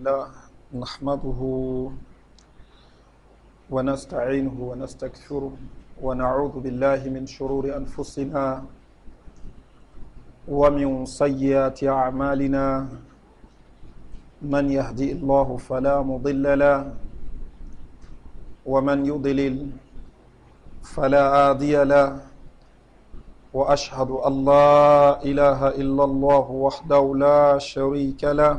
الله نحمده ونستعينه ونستكثره ونعوذ بالله من شرور أنفسنا ومن سيئات أعمالنا من يهدي الله فلا مضل له ومن يضلل فلا هادي له واشهد ان لا اله الا الله وحده لا شريك له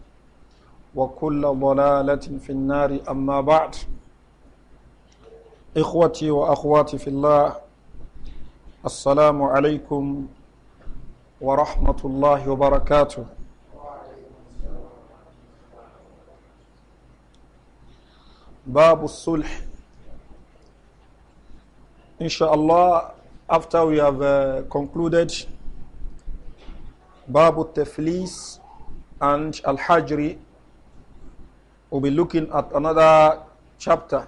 وكل ضلالة في النار أما بعد إخوتي وأخواتي في الله السلام عليكم ورحمة الله وبركاته باب الصلح إن شاء الله after we have uh, concluded باب التفليس and Al-Hajri We'll be looking at another chapter,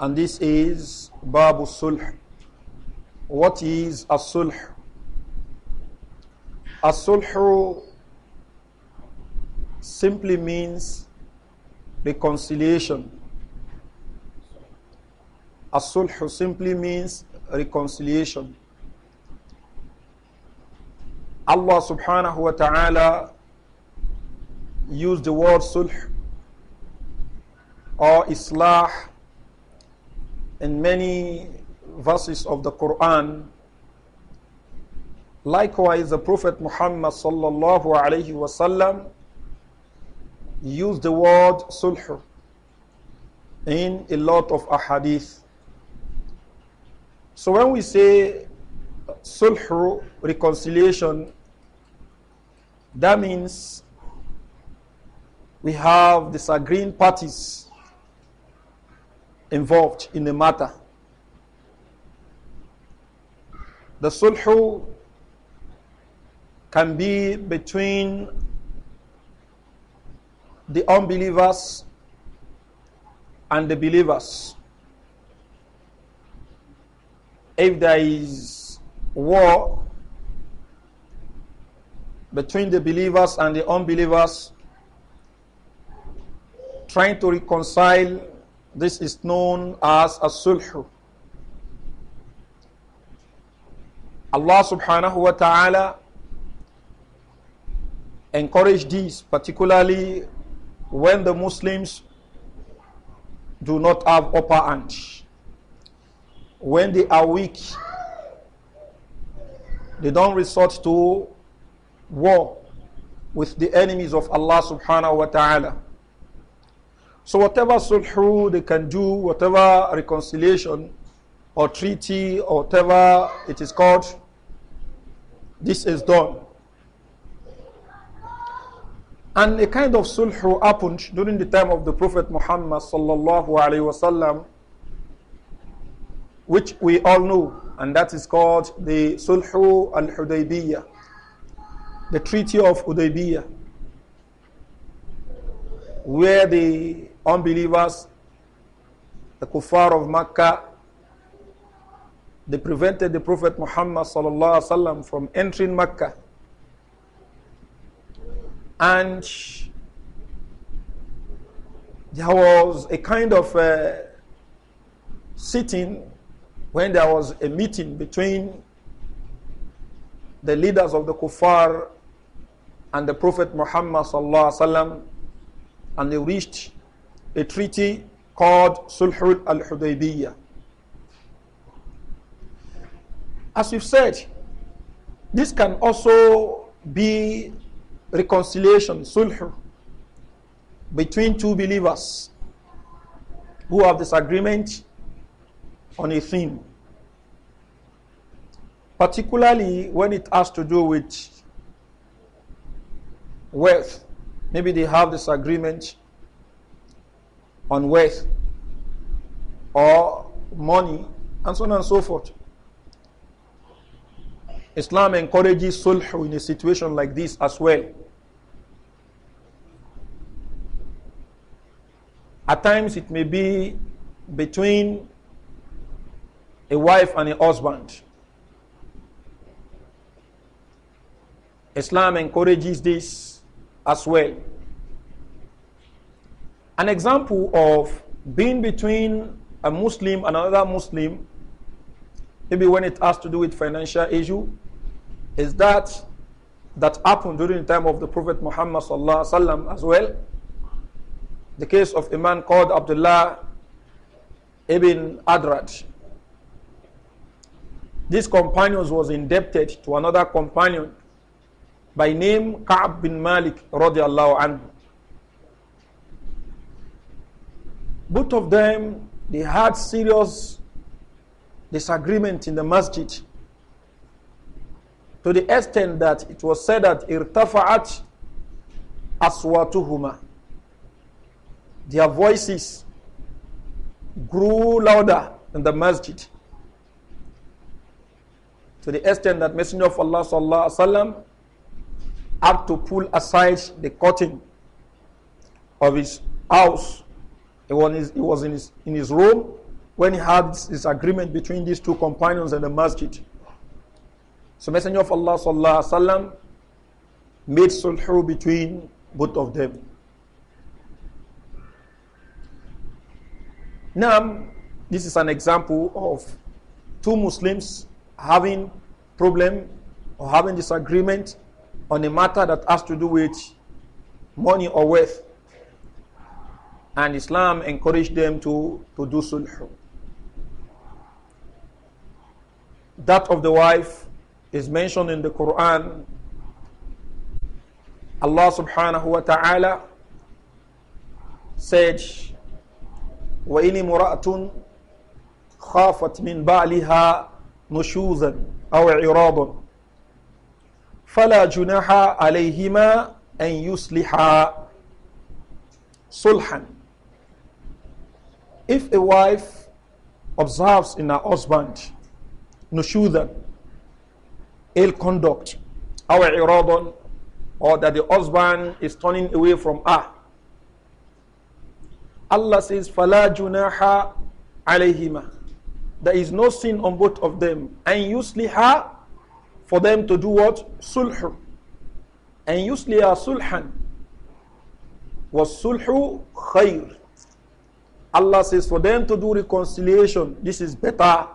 and this is Babu Sulh. What is a Sulh? A Sulh simply means reconciliation. Asulh sulh simply means reconciliation. Allah subhanahu wa ta'ala use the word sulh or islah in many verses of the Quran. Likewise, the Prophet Muhammad sallallahu alayhi wasallam used the word sulh in a lot of ahadith. So when we say sulh, reconciliation, that means we have disagreeing parties involved in the matter. The sulhu can be between the unbelievers and the believers. If there is war between the believers and the unbelievers, trying to reconcile, this is known as a sulh. Allah subhanahu wa ta'ala encouraged this, particularly when the Muslims do not have upper hand. When they are weak, they don't resort to war with the enemies of Allah subhanahu wa ta'ala. So whatever sulh they can do, whatever reconciliation or treaty or whatever it is called, this is done. And a kind of sulh happened during the time of the Prophet Muhammad sallallahu alaihi wasallam, which we all know, and that is called the Sulh al-Hudaybiyah, the Treaty of Hudaybiyah, where the unbelievers, the kuffar of Makkah, they prevented the Prophet Muhammad وسلم from entering Makkah. And there was a kind of uh, sitting when there was a meeting between the leaders of the kuffar and the Prophet Muhammad sallallahu and they reached a treaty called Sulhul al Hudaybiyah. As we've said, this can also be reconciliation, sulh, between two believers who have disagreement on a theme, particularly when it has to do with wealth. Maybe they have disagreement on wealth or money and so on and so forth. Islam encourages sulh in a situation like this as well. At times it may be between a wife and a husband. Islam encourages this as well. An example of being between a Muslim and another Muslim, maybe when it has to do with financial issue, is that that happened during the time of the Prophet Muhammad sallam as well. The case of a man called Abdullah ibn Adraj. This companion was indebted to another companion by name Ka'ab bin Malik radiallahu anhu. Both of them, they had serious disagreement in the masjid to the extent that it was said that irtafa'at aswatuhuma their voices grew louder in the masjid to the extent that messenger of allah sallallahu alaihi wasallam had to pull aside the curtain of his house he was in his, in his room when he had this agreement between these two companions and the masjid. So Messenger of Allah sallallahu alaihi wasallam made sulh between both of them. Now, this is an example of two Muslims having problem or having disagreement on a matter that has to do with money or wealth and Islam encouraged them to, to do sulh. That of the wife is mentioned in the Quran. Allah subhanahu wa ta'ala said, وإن امرأة خافت من بعلها نشوزا أو عراضا فلا جناح عليهما أن يصلحا صلحا if a wife observes in her husband nushudan, ill conduct, our iradon, or that the husband is turning away from her, Allah says, فَلَا جُنَاحَ عَلَيْهِمَا There is no sin on both of them. And yusliha, for them to do what? Sulh. And yusliha sulhan. Was sulhu خَيْرٌ Allah says for them to do reconciliation, this is better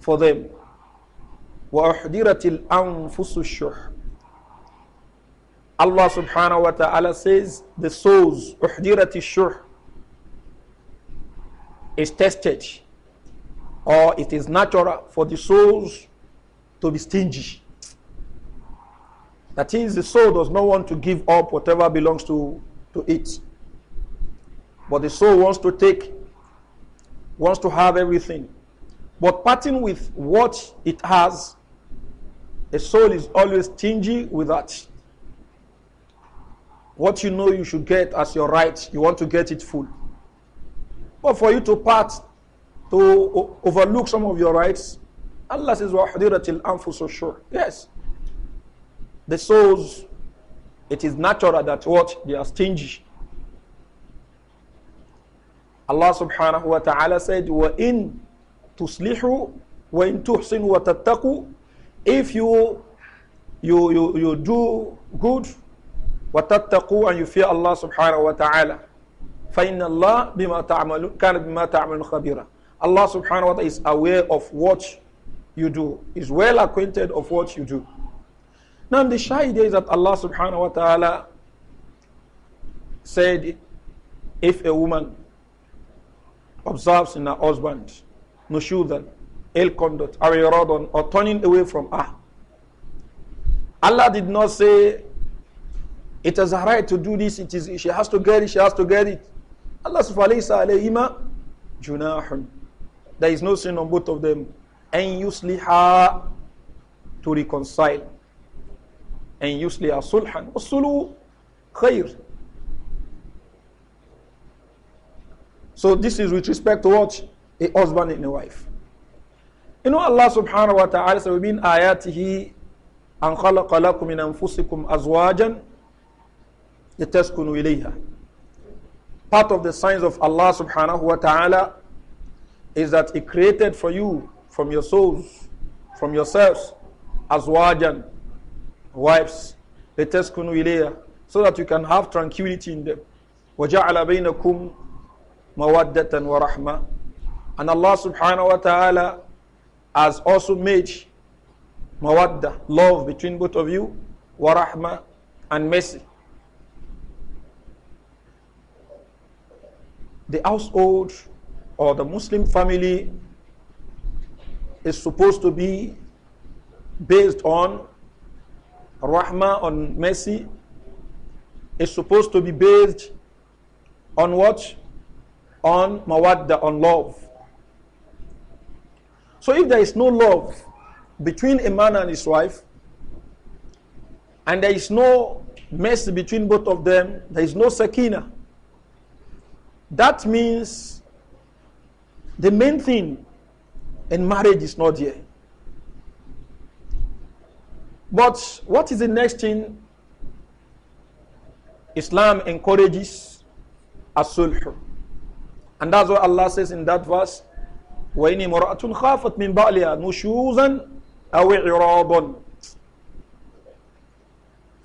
for them. وَأُحْدِرَتِ الْأَنفُسُ Allah subhanahu wa ta'ala says the souls, أُحْدِرَتِ is tested or it is natural for the souls to be stingy. That is, the soul does not want to give up whatever belongs to, to it. But the soul wants to take, wants to have everything. But parting with what it has, the soul is always stingy with that. What you know you should get as your right, you want to get it full. But for you to part, to overlook some of your rights, Allah says, wa الْأَنفُسُ so sure. Yes. The souls, it is natural that what? They are stingy. Allah subhanahu wa ta'ala said, وَإِن تُصْلِحُوا وَإِن تُحْسِنُوا وَتَتَّقُوا If you, you, you, you do good, وَتَتَّقُوا and you fear Allah subhanahu wa ta'ala, فَإِنَّ اللَّهَ بِمَا تَعْمَلُ كَانَ بِمَا تَعْمَلُ خَبِيرًا Allah subhanahu wa ta'ala is aware of what you do, is well acquainted of what you do. Now the shy idea is that Allah subhanahu wa ta'ala said, if a woman observes in her husband, nushudan, ill conduct, ariradon, or turning away from her. Allah did not say, it is her right to do this, it is, she has to get it, she has to get it. Allah subhanahu junahun. There is no sin on both of them. And yusliha to reconcile. And yusliha sulhan. Usulu khair. So this is with respect to what? A husband and a wife. You know Allah subhanahu wa ta'ala said, وَمِنْ آيَاتِهِ أَنْ خَلَقَ لَكُم مِنْ أَنفُسِكُمْ أَزْوَاجًا لِتَسْكُنُوا إِلَيْهَا Part of the signs of Allah subhanahu wa ta'ala is that He created for you, from your souls, from yourselves, azwajan, wives, لِتَسْكُنُوا إِلَيْهَا So that you can have tranquility in them. وَجَعَلَ بَيْنَكُمْ mawaddatan wa Rahma, And Allah subhanahu wa ta'ala has also made mawadda, love between both of you, wa Rahma and mercy. The household or the Muslim family is supposed to be based on rahmah, on mercy, is supposed to be based on what? on mawadda, on love. So if there is no love between a man and his wife, and there is no mercy between both of them, there is no sakina. That means the main thing in marriage is not here. But what is the next thing Islam encourages? As-sulh. And that's what Allah says in that verse, وَإِنِي مُرَأَةٌ خَافَتْ مِنْ بَعْلِهَا نُشُوزًا أَوْ إِعْرَابًا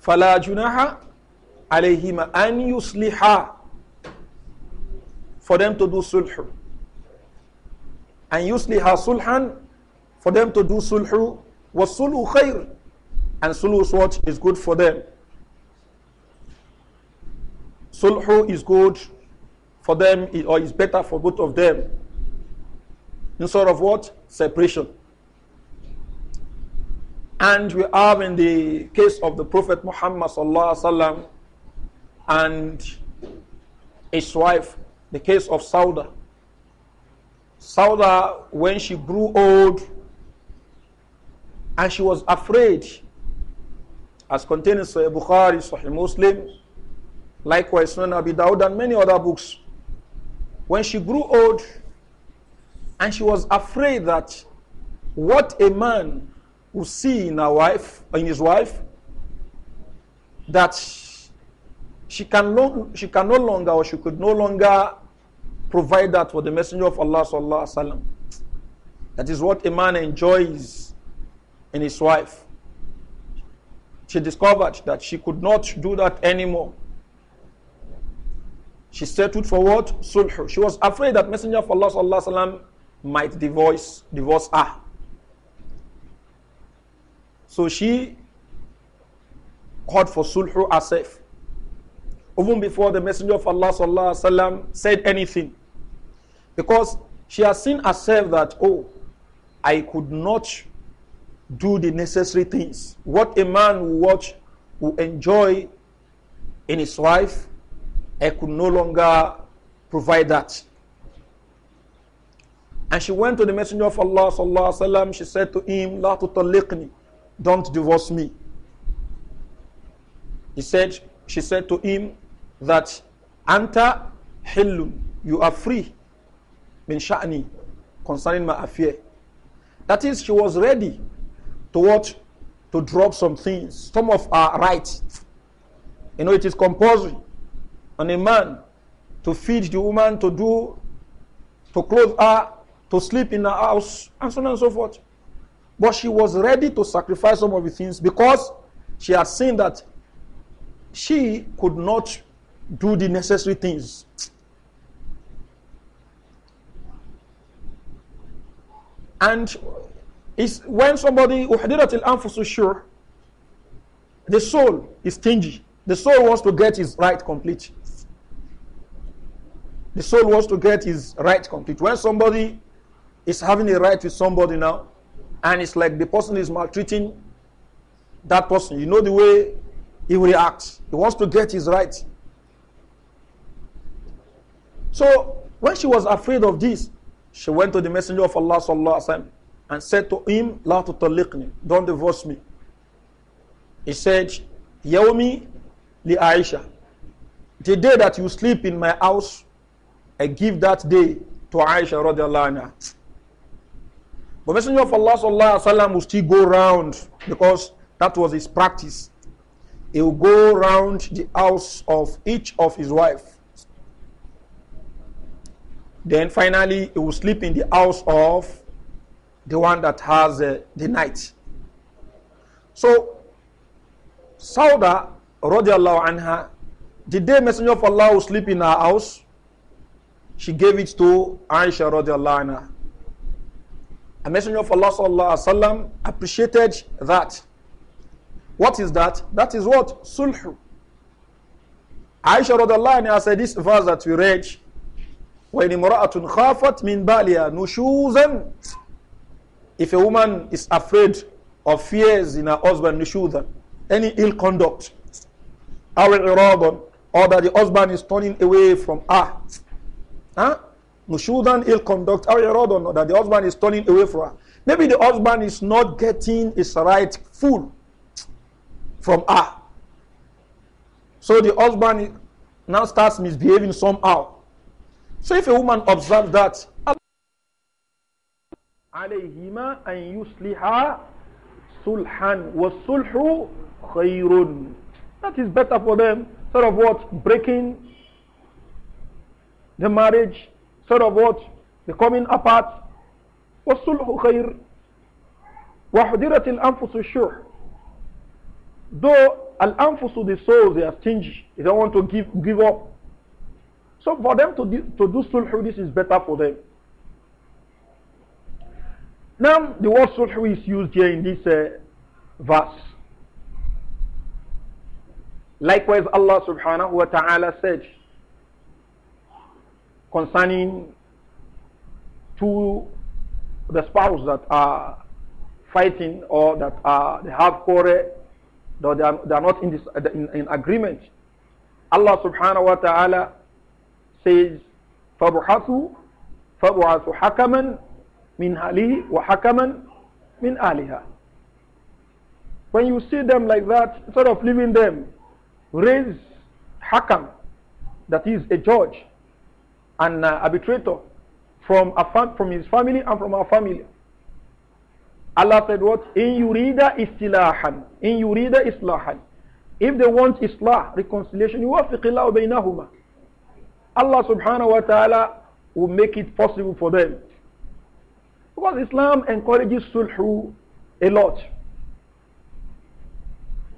فَلَا جُنَحَ عَلَيْهِمَا أَنْ يُصْلِحَا For them to do sulh. And yusliha sulhan, for them to do sulhu, was sulhu khair. And sulhu is what is good for them. Sulhu is good for them or it's better for both of them. In sort of what? Separation. And we have in the case of the Prophet Muhammad and his wife, the case of Sauda. Sauda, when she grew old and she was afraid, as contained in Sahih Bukhari, Sahih Muslim, likewise Sunan Abi Dawud and many other books. When she grew old and she was afraid that what a man would see in her wife, in his wife, that she can, long, she can no longer or she could no longer provide that for the messenger of Allah sallallahu alaihi wasallam. That is what a man enjoys in his wife. She discovered that she could not do that anymore. She settled for what? Sulh. She was afraid that Messenger of Allah sallallahu sallam, might divorce, divorce her. So she called for sulh herself. Even before the Messenger of Allah sallallahu sallam, said anything. Because she has seen herself that, oh, I could not do the necessary things. What a man will watch, will enjoy in his wife, I could no longer provide that. And she went to the Messenger of Allah sallallahu alaihi wasallam. She said to him, "La tutalliqni, don't divorce me." He said, she said to him that anta hillun, you are free min sha'ni concerning my affair. That is, she was ready to what to drop some things, some of our rights. You know, it is compulsory on a man to feed the woman, to do, to clothe her, to sleep in her house, and so on and so forth. But she was ready to sacrifice some of the things because she had seen that she could not do the necessary things. And it's when somebody uhdirat al anfusu sure, the soul is stingy. The soul wants to get its right complete. The soul wants to get his right complete. When somebody is having a right with somebody now, and it's like the person is maltreating that person, you know the way he reacts. He wants to get his right. So when she was afraid of this, she went to the messenger of Allah sallallahu alaihi wasallam and said to him, "La tutalliqni, don't divorce me." He said, "Yaumi li Aisha, the day that you sleep in my house and give that day to Aisha radiallahu anha. But Messenger of Allah sallallahu alaihi wasallam will still go round because that was his practice. He will go round the house of each of his wife. Then finally, he will sleep in the house of the one that has uh, the night. So, Sauda, radiallahu anha, the day Messenger of Allah will sleep in her house, she gave it to Aisha radiallahu anha. A messenger of Allah sallallahu appreciated that. What is that? That is what? Sulh. Aisha radiallahu anha said this verse that we read. When مُرَأَةٌ خَافَتْ min baliya nushuzan. If a woman is afraid or fears in her husband, nushuzan Any ill conduct. or that the husband is turning away from her. Huh? Nushudan ill conduct, or not that the husband is turning away from her. Maybe the husband is not getting his right full from her. So the husband now starts misbehaving somehow. So if a woman observes that, عليهما أن يصلحا صلحا والصلح خير That is better for them. Sort of what? Breaking the marriage, sort of what? The coming apart. وَالصُّلْحُ خَيْرٌ وَحُدِرَتِ الْأَنفُسُ الشُّحْ Though al-anfusu, the souls, they are stingy. They don't want to give, give up. So for them to do, to do sulhu, this is better for them. Now, the word sulhu is used here in this uh, verse. Likewise, Allah subhanahu wa ta'ala said, concerning two the spouse that are fighting or that are they have quarrel though they are, they are not in, this, in, in agreement Allah subhanahu wa ta'ala says فَبُحَثُوا فَبُعَثُوا حَكَمًا مِنْ أَهْلِهِ وَحَكَمًا مِنْ أَهْلِهَا When you see them like that, instead of leaving them, raise hakam, that is a judge an uh, arbitrator from, a from his family and from our family. Allah said what? In yurida Islahan? In yurida islahan. If they want islah, reconciliation, يوافق الله بينهما. Allah subhanahu wa ta'ala will make it possible for them. Because Islam encourages sulh a lot.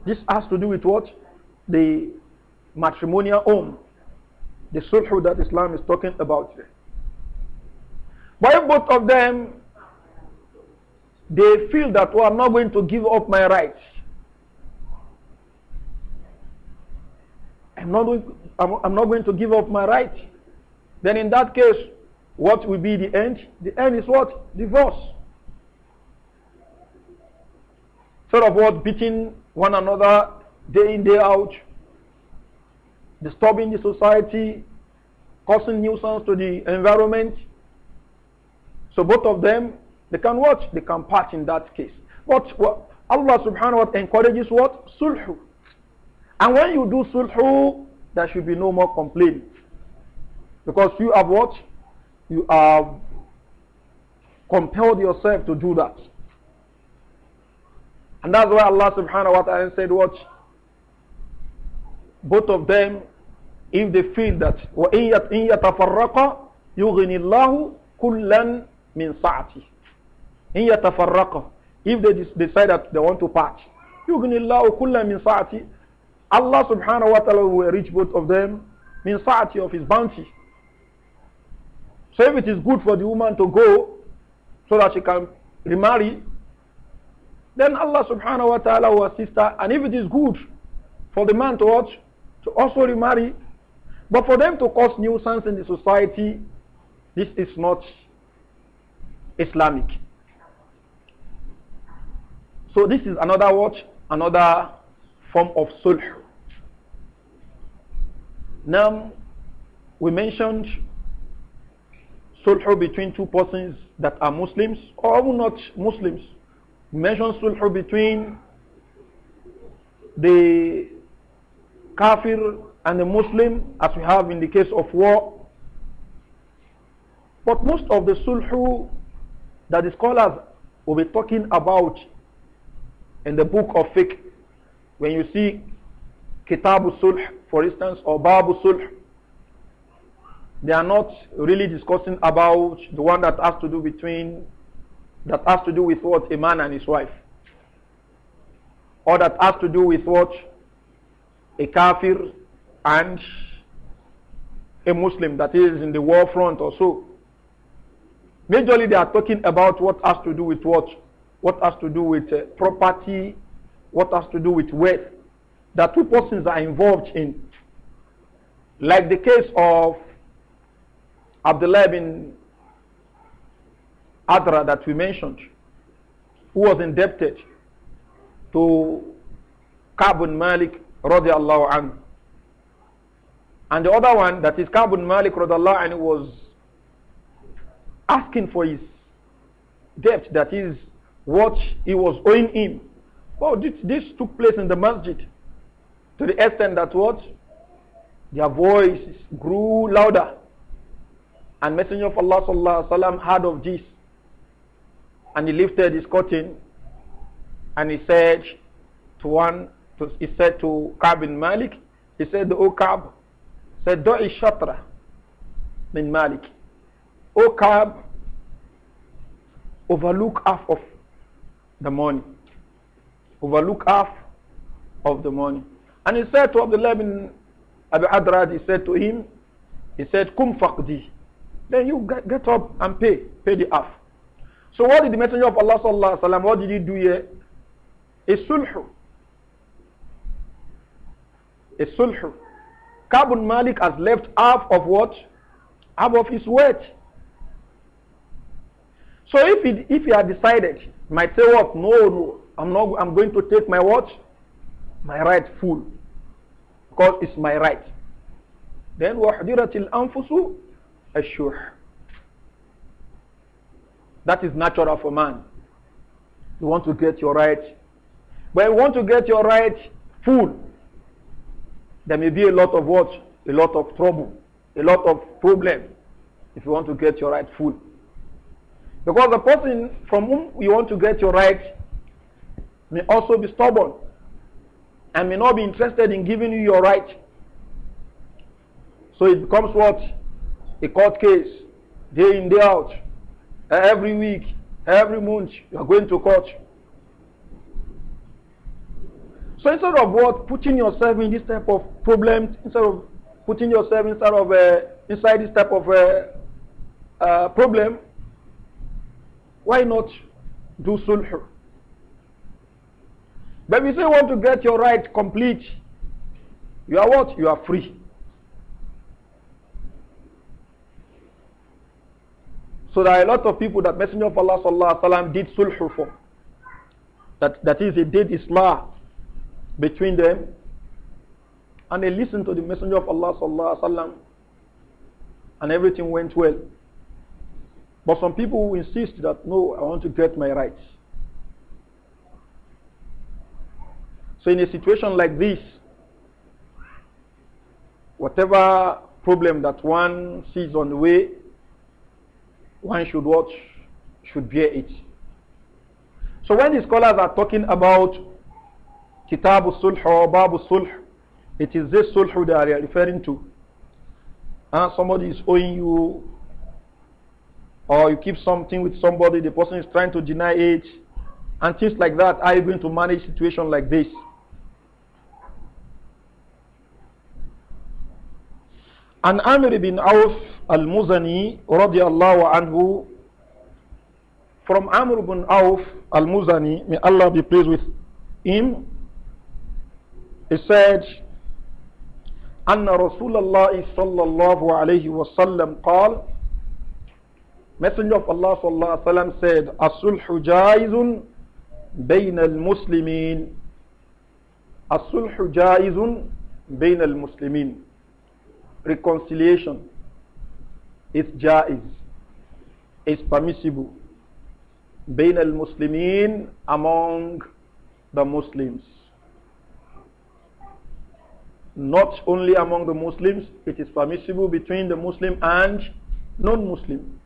This has to do with what? The matrimonial home the sulh that Islam is talking about. But if both of them, they feel that, oh, I'm not going to give up my rights. I'm not, going, I'm, I'm not going to give up my rights. Then in that case, what will be the end? The end is what? Divorce. Sort of what? Beating one another day in, day out disturbing the society, causing nuisance to the environment. So both of them, they can watch, they can part in that case. But what Allah subhanahu wa ta'ala encourages what? Sulhu. And when you do sulhu, there should be no more complaint. Because you have what? You have compelled yourself to do that. And that's why Allah subhanahu wa ta'ala said, Watch. Both of them, if they feel that وَإِن يَتَفَرَّقَ يُغْنِ اللَّهُ كُلًّا مِنْ سَعَتِهِ إِن يَتَفَرَّقَ If they decide that they want to part, يُغْنِ اللَّهُ كُلًّا مِنْ سَعَتِهِ Allah subhanahu wa ta'ala will reach both of them min sa'ati of his bounty. So if it is good for the woman to go so that she can remarry, then Allah subhanahu wa ta'ala will assist her. And if it is good for the man to watch, to also remarry, but for them to cause nuisance in the society, this is not Islamic. So this is another word, Another form of sulh. Now, we mentioned sulh between two persons that are Muslims or not Muslims. We mentioned sulh between the kafir and the Muslim as we have in the case of war. But most of the sulhu that the scholars will be talking about in the book of fiqh, when you see Kitabu Sulh, for instance, or Babu Sulh, they are not really discussing about the one that has to do between, that has to do with what? A man and his wife. Or that has to do with what? A kafir and a Muslim that is in the war front or so. Majorly, they are talking about what has to do with what, what has to do with uh, property, what has to do with wealth. That two persons are involved in, like the case of Abdullah bin Adra that we mentioned, who was indebted to Kabun Malik radiallahu anhu. And the other one, that is Ka'b Malik radallahu anhu, was asking for his debt, that is what he was owing him. Well, this, this took place in the masjid to the extent that what? Their voices grew louder. And Messenger of Allah sallallahu alaihi wasallam heard of this. And he lifted his curtain and he said to one, to, he said to Ka'b Malik, he said, O Ka'b, said, Da'i shatra min Malik. O Kaab, overlook half of the money. Overlook half of the money. And he said to Abdullah bin Abi Adrad, he said to him, he said, Kum faqdi. Then you get, get up and pay, pay the half. So what did the messenger of Allah sallallahu alaihi wasallam, what did he do here? A sulhu. A sulhu. Carbon Malik has left half of what? Half of his wealth. So if he, if he had decided, might say what? No, no, I'm not. I'm going to take my watch, my right full, because it's my right. Then وحضرت الأنفس الشح. That is natural for man. You want to get your right, but you want to get your right full. There may be a lot of watch, A lot of trouble, a lot of problem if you want to get your right food. Because the person from whom you want to get your right may also be stubborn and may not be interested in giving you your right. So it becomes what? A court case, day in, day out, every week, every month, you are going to court. So instead of what putting yourself in this type of problems, instead of putting yourself inside of uh, inside this type of uh, uh, problem, why not do sulh? But if you want to get your right complete, you are what? You are free. So there are a lot of people that Messenger of Allah sallallahu alaihi wasallam did sulh for. That that is he did islah between them and they listened to the messenger of Allah sallallahu alaihi wasallam and everything went well but some people insist that no I want to get my rights so in a situation like this whatever problem that one sees on the way one should watch should bear it so when the scholars are talking about Kitabu Sulh or Babu Sulh. It is this Sulh that they are referring to. Uh, somebody is owing you, or you keep something with somebody, the person is trying to deny it, and things like that. Are you going to manage situation like this? عن عامر بن عوف المزني رضي الله عنه from Amr ibn Auf al-Muzani may Allah be pleased with him He said, أن رسول الله صلى الله عليه وسلم قال Messenger of Allah صلى الله عليه وسلم said الصلح جائز بين المسلمين الصلح جائز بين المسلمين reconciliation is جائز is permissible بين المسلمين among the Muslims not only among the Muslims, it is permissible between the Muslim and non-Muslim.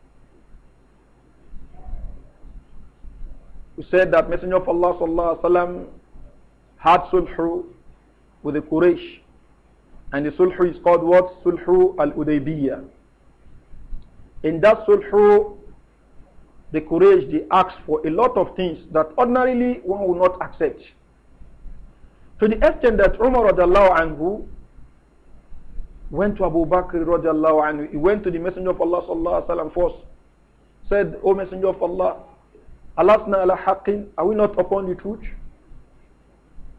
We said that Messenger of Allah sallallahu alaihi wasallam had sulh with the Quraysh, and the sulh is called what? Sulh al-Udaybiyah. In that sulh, the Quraysh they asked for a lot of things that ordinarily one would not accept. To the extent that Umar radiallahu anhu went to Abu Bakr radiallahu anhu, he went to the Messenger of Allah sallallahu alaihi wasallam first, said, O Messenger of Allah, Alasna ala haqqin, are we not upon the truth?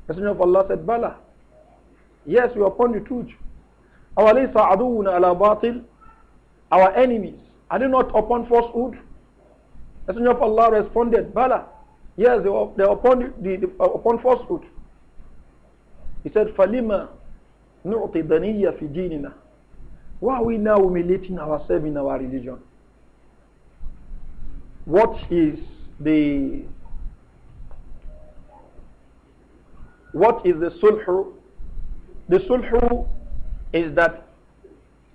Messenger of Allah said, Bala. Yes, we are upon the truth. Our laysa aduuna ala batil, our enemies, are they not upon falsehood? Messenger of Allah responded, Bala. Yes, they are, upon, the, the, upon falsehood. He said, Falima nu'ti daniya fi dinina. Why are we now humiliating ourselves in our religion? What is the what is the sulh? The sulh is that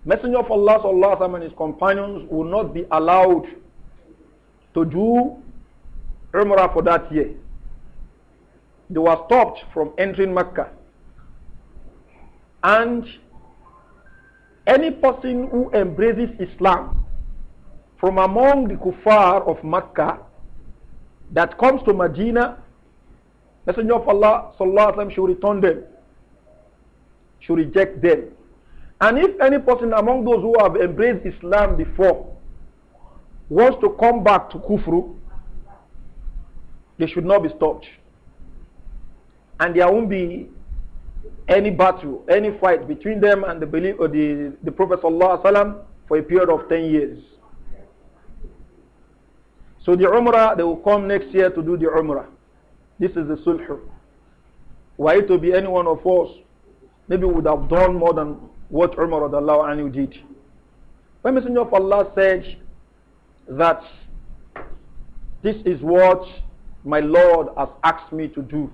Messenger of Allah Allah and his companions will not be allowed to do Umrah for that year. They were stopped from entering Mecca. And any person who embraces Islam from among the kuffar of Mecca that comes to Medina, Messenger of Allah sallallahu alaihi wasallam should return them, should reject them. And if any person among those who have embraced Islam before wants to come back to Kufru, they should not be stopped. And there won't be any battle, any fight between them and the belief or uh, the, the Prophet ﷺ for a period of 10 years. So the Umrah, they will come next year to do the Umrah. This is the Sulh. Why it will be any one of us, maybe would have done more than what Umar did. When Messenger of Allah said that this is what my Lord has asked me to do.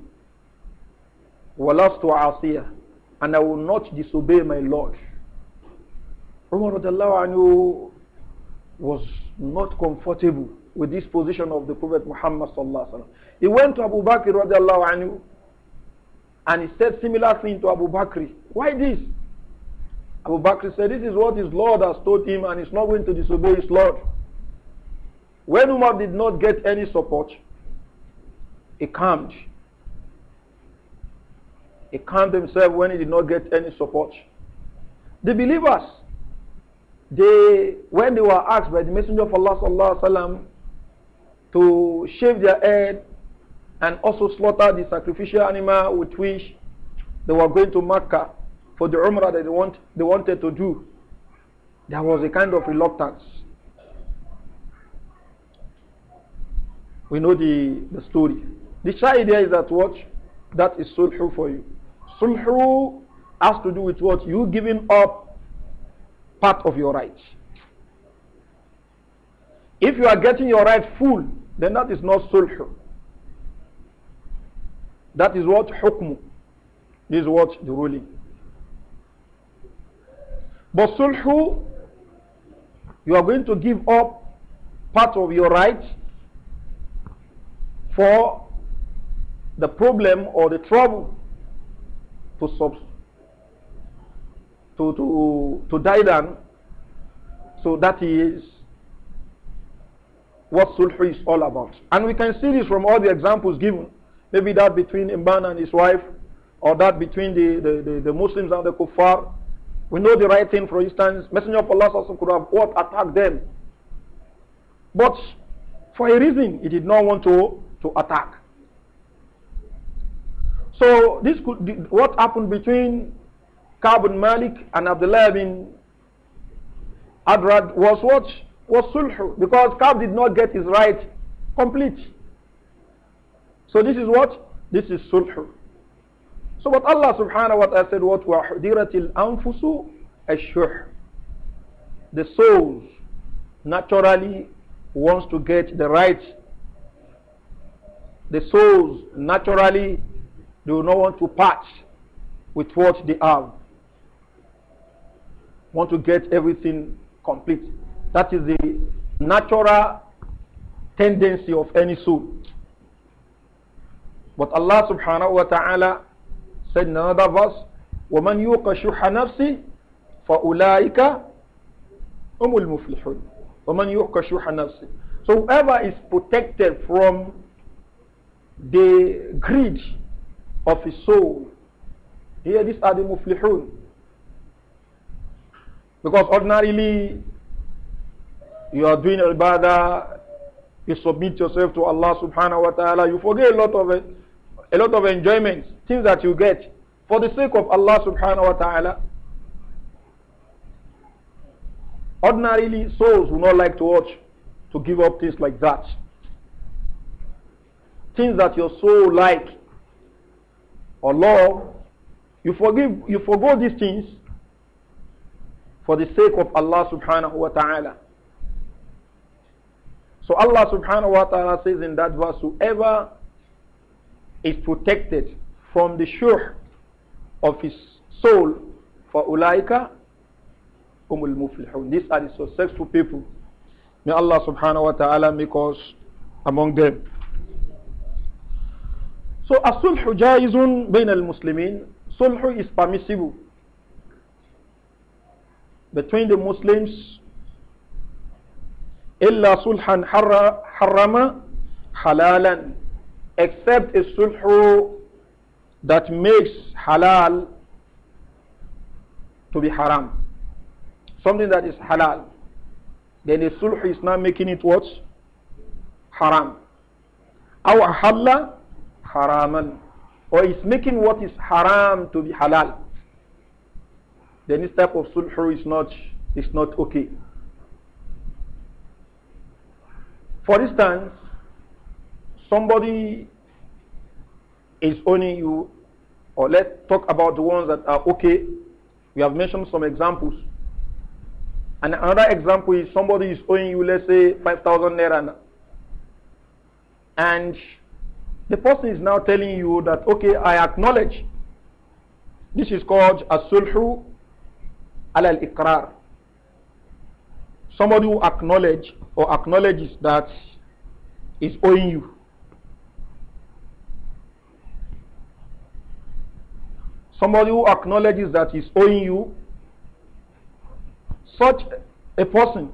وَلَفْتُ عَصِيَهُ And I will not disobey my Lord. Umar anhu was not comfortable with this position of the Prophet Muhammad sallallahu alaihi wasallam. He went to Abu Bakr radiallahu anhu and he said similar thing to Abu Bakr. Why this? Abu Bakr said, this is what his Lord has told him and he's not going to disobey his Lord. When Umar did not get any support, he calmed. He calmed himself when he did not get any support. The believers, they, when they were asked by the Messenger of Allah sallallahu alaihi wasallam to shave their head and also slaughter the sacrificial animal with which they were going to Makkah for the Umrah that they, want, they wanted to do, there was a kind of reluctance. We know the, the story. The shy idea is that what? That is sulhu for you. Sulhu has to do with what? You giving up part of your rights. If you are getting your right full, then that is not sulhu. That is what hukmu. This is what the ruling. But sulhu, you are going to give up part of your right for the problem or the trouble to, sub, to, to, to die down. So that is what sulh is all about. And we can see this from all the examples given. Maybe that between Imban and his wife, or that between the, the, the, the Muslims and the kuffar. We know the right thing, for instance, Messenger of Allah could have what attacked them. But for a reason, he did not want to, to attack. So this could, what happened between Ka'b Malik and Abdullah bin Adrad was what? Was sulh because Ka'b did not get his right complete. So this is what? This is sulh. So what Allah subhanahu wa ta'ala said what وَحُدِرَتِ anfusu ashur. The souls naturally wants to get the right. The souls naturally do not want to part with what they have. Want to get everything complete. That is the natural tendency of any soul. But Allah subhanahu wa ta'ala said in another verse, وَمَنْ يُوقَ شُحَّ نَفْسِهِ فَأُولَٰئِكَ هُمُ الْمُفْلِحُونَ وَمَنْ يُوقَ شُحَّ نَفْسِهِ So whoever is protected from the greed of his soul. Here, these are the muflihun. Because ordinarily, you are doing ibadah, you submit yourself to Allah subhanahu wa ta'ala, you forget a lot of it, a lot of enjoyments, things that you get for the sake of Allah subhanahu wa ta'ala. Ordinarily, souls will not like to watch, to give up things like that. Things that your soul like, or love, you forgive, you forgo these things for the sake of Allah subhanahu wa ta'ala. So Allah subhanahu wa ta'ala says in that verse, whoever is protected from the shuh of his soul, for ulaika umul muflihun. These are the successful people. May Allah subhanahu wa ta'ala make us among them. So asulh jaizun bain al-Muslimin. Sulh is permissible between the Muslims. Illa sulhan harrama halalan. Except a sulh that makes halal to be haram. Something that is halal. Then the sulh is not making it what? Haram. Our halal haraman or is making what is haram to be halal, then this type of sulh is not, is not okay. For instance, somebody is owning you, or let's talk about the ones that are okay. We have mentioned some examples. And another example is somebody is owing you, let's say, 5,000 naira. And the person is now telling you that, okay, I acknowledge. This is called as-sulhu al-iqrar. Somebody who acknowledge or acknowledges that is owing you. Somebody who acknowledges that is owing you. Such a person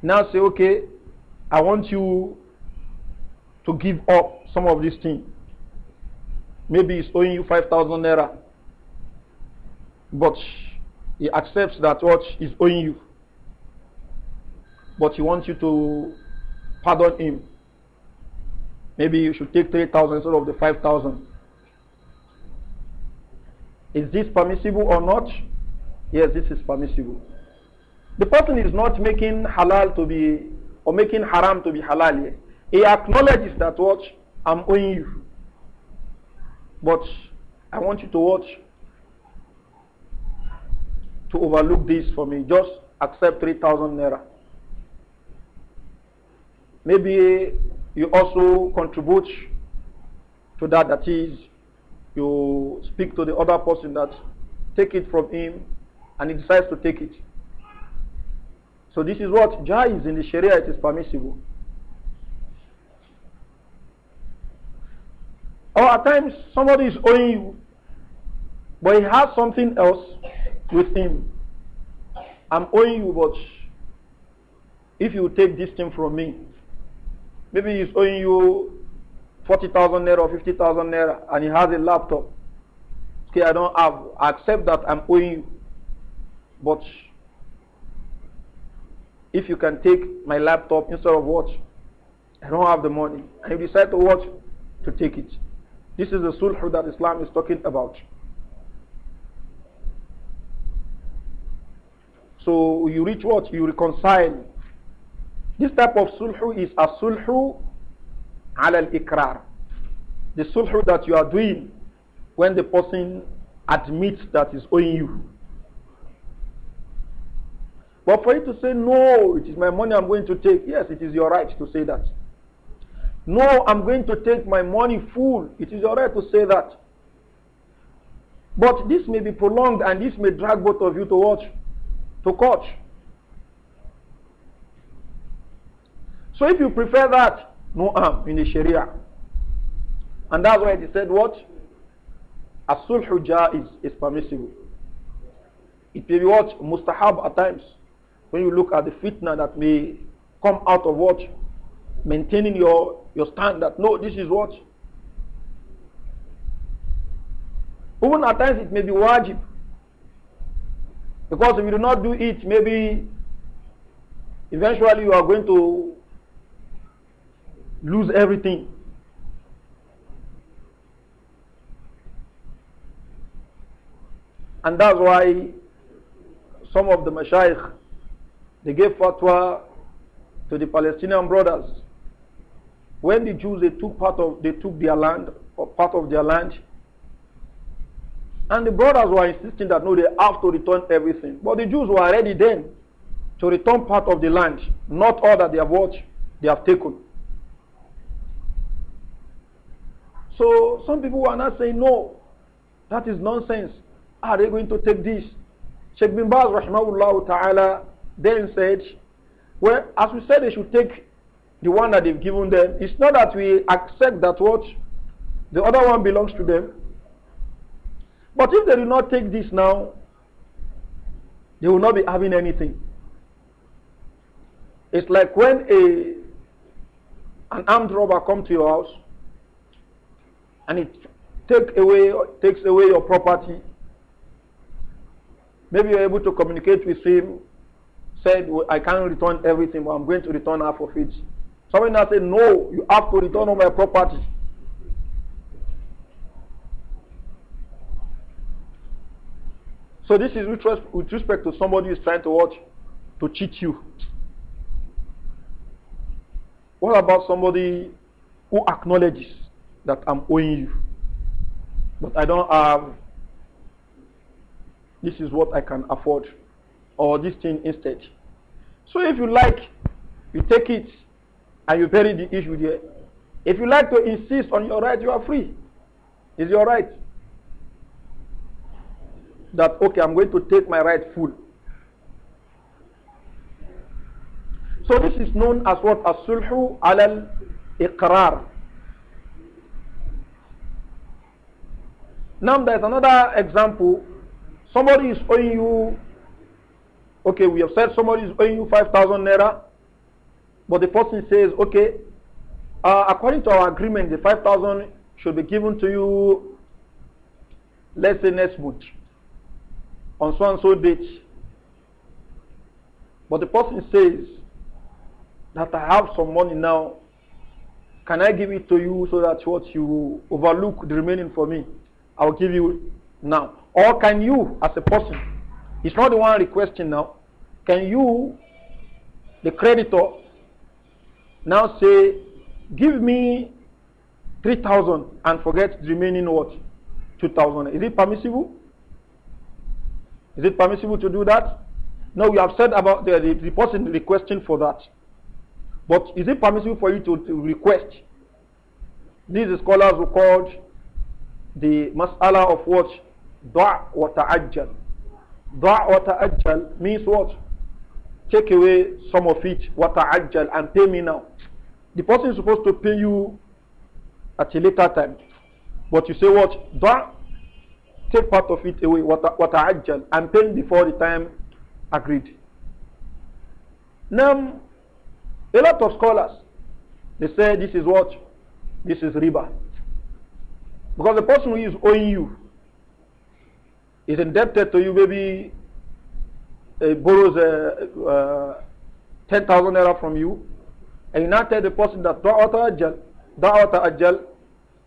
now say, okay, I want you to give up some of these things. Maybe he's owing you 5,000 naira, but he accepts that what he's owing you, but he wants you to pardon him. Maybe you should take 3,000 instead of the 5,000. Is this permissible or not? Yes, this is permissible. The person is not making halal to be, or making haram to be halal. He acknowledges that what I'm owing you. But I want you to watch, to overlook this for me. Just accept 3,000 naira. Maybe you also contribute to that, that is, you speak to the other person that take it from him and he decides to take it. So this is what is in the Sharia it is permissible. Or at times, somebody is owing you, but he has something else with him. I'm owing you, but if you take this thing from me, maybe he's owing you 40,000 naira or 50,000 naira and he has a laptop. Okay, I don't have, I accept that I'm owing you, but if you can take my laptop instead of watch, I don't have the money, and you decide to watch to take it. This is the sulh that Islam is talking about. So you reach what? You reconcile. This type of sulh is a sulh al-ikrar. The sulh that you are doing when the person admits that is owing you. But for you to say, no, it is my money I'm going to take, yes, it is your right to say that. No, I'm going to take my money full. It is alright to say that. But this may be prolonged and this may drag both of you to watch, to court. So if you prefer that, no harm in the Sharia. And that's why they said what? Asul hujjah is, is permissible. It may be what? Mustahab at times. When you look at the fitna that may come out of what? Maintaining your your standard. No, this is what. Even at times it may be wajib. Because if you do not do it, maybe eventually you are going to lose everything. And that's why some of the mashayikh, they gave fatwa to the Palestinian brothers when the Jews they took part of they took their land or part of their land, and the brothers were insisting that no, they have to return everything. But the Jews were ready then to return part of the land, not all that they have what they have taken. So some people were not saying no, that is nonsense. Are they going to take this? Sheikh bin Baz rahimahullah ta'ala then said, well, as we said, they should take the one that they've given them, it's not that we accept that what the other one belongs to them. But if they do not take this now, they will not be having anything. It's like when a an armed robber comes to your house and it take away takes away your property. Maybe you're able to communicate with him, said, I can't return everything, but I'm going to return half of it. Somebody now say, No, you have to return all my property. So this is with respect to somebody who is trying to watch to cheat you. What about somebody who acknowledges that I'm owing you, but I don't have this is what I can afford, or this thing instead? So if you like, you take it and you bury the issue there. If you like to insist on your right, you are free. It's your right. That, okay, I'm going to take my right full. So this is known as what? As-sulhu alal iqrar. Now there's another example. Somebody is owing you, okay, we have said somebody is owing you 5,000 naira. But the person says, okay, uh, according to our agreement, the 5,000 should be given to you, let's say next month, on so and so date. But the person says that I have some money now, can I give it to you so that what you overlook the remaining for me, I'll give you now. Or can you, as a person, it's not the one requesting now, can you, the creditor, now say, give me 3,000 and forget the remaining what? 2,000. Is it permissible? Is it permissible to do that? No, we have said about the, the, the person requesting for that. But is it permissible for you to, to request? These scholars who called the mas'ala of what? du'a wa ta'ajjal. Du'a wa ta'ajjal means what? take away some of it, what ajal, and pay me now. The person is supposed to pay you at a later time. But you say what? Don't take part of it away, what ajal, and pay before the time agreed. Now, a lot of scholars, they say this is what? This is riba. Because the person who is owing you is indebted to you maybe uh, borrows uh, uh, 10,000 naira from you, and you now tell the person that da'wata ajal, da'wata ajal,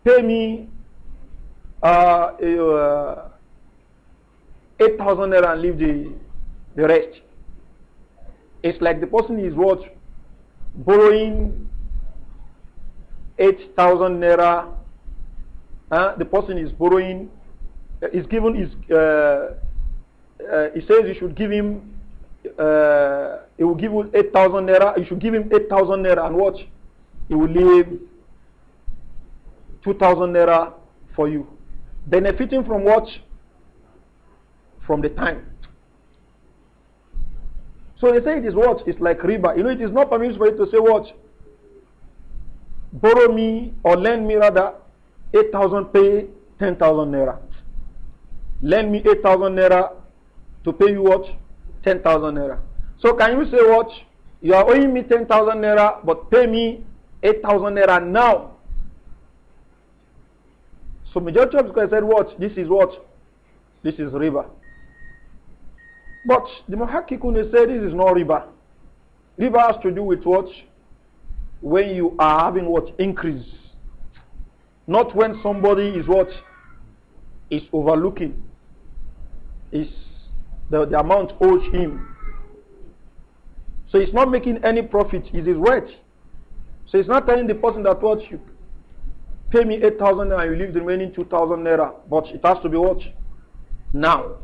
pay me uh, uh 8,000 naira and leave the, the rest. It's like the person is what? Borrowing 8,000 naira. Uh, the person is borrowing, uh, is given, is uh, uh, he says you should give him, uh, he will give you 8,000 naira, you should give him 8,000 naira and watch. He will leave 2,000 naira for you. Benefiting from what? From the time. So they say it is what? It's like riba. You know, it is not permissible for you to say what? Borrow me or lend me rather 8,000, pay 10,000 naira. Lend me 8,000 naira, to pay you what? 10,000 naira. So can you say what? You are owing me 10,000 naira, but pay me 8,000 naira now. So majority of scholars said what? This is what? This is river. But the Mahakikun said this is not river. River has to do with what? When you are having what? Increase. Not when somebody is what? Is overlooking. Is the, the amount owed him. So he's not making any profit, his right. So he's not telling the person that what you pay me 8,000 and you leave the remaining 2,000 naira, but it has to be what? Now.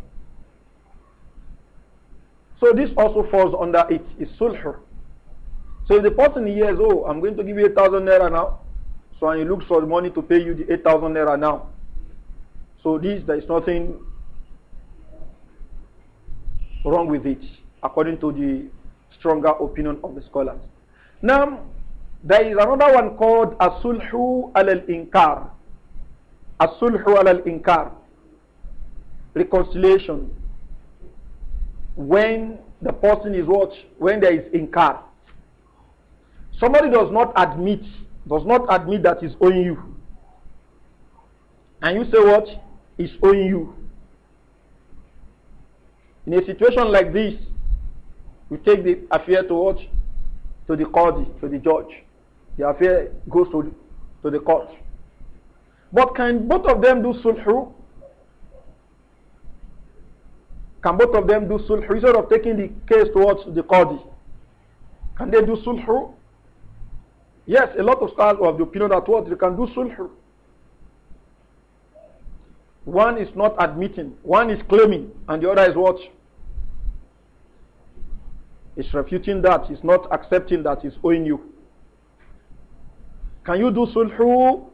So this also falls under it, is sulh. So if the person hears, oh, I'm going to give you 8,000 naira now, so and he looks for the money to pay you the 8,000 naira now. So this, there is nothing wrong with it, according to the stronger opinion of the scholars. Now, there is another one called Asulhu al Inkar. Asulhu al Inkar. Reconciliation. When the person is what? When there is Inkar. Somebody does not admit, does not admit that he's owing you. And you say what? He's owing you. In a situation like this, we take the affair to what? To the court, to the judge. The affair goes to, to the court. But can both of them do sulh? Can both of them do sulh instead of taking the case towards the qadi? Can they do sulh? Yes, a lot of scholars have the opinion that what they can do sulh. One is not admitting, one is claiming, and the other is what? Is refuting that. It's not accepting that it's owing you. Can you do sulhu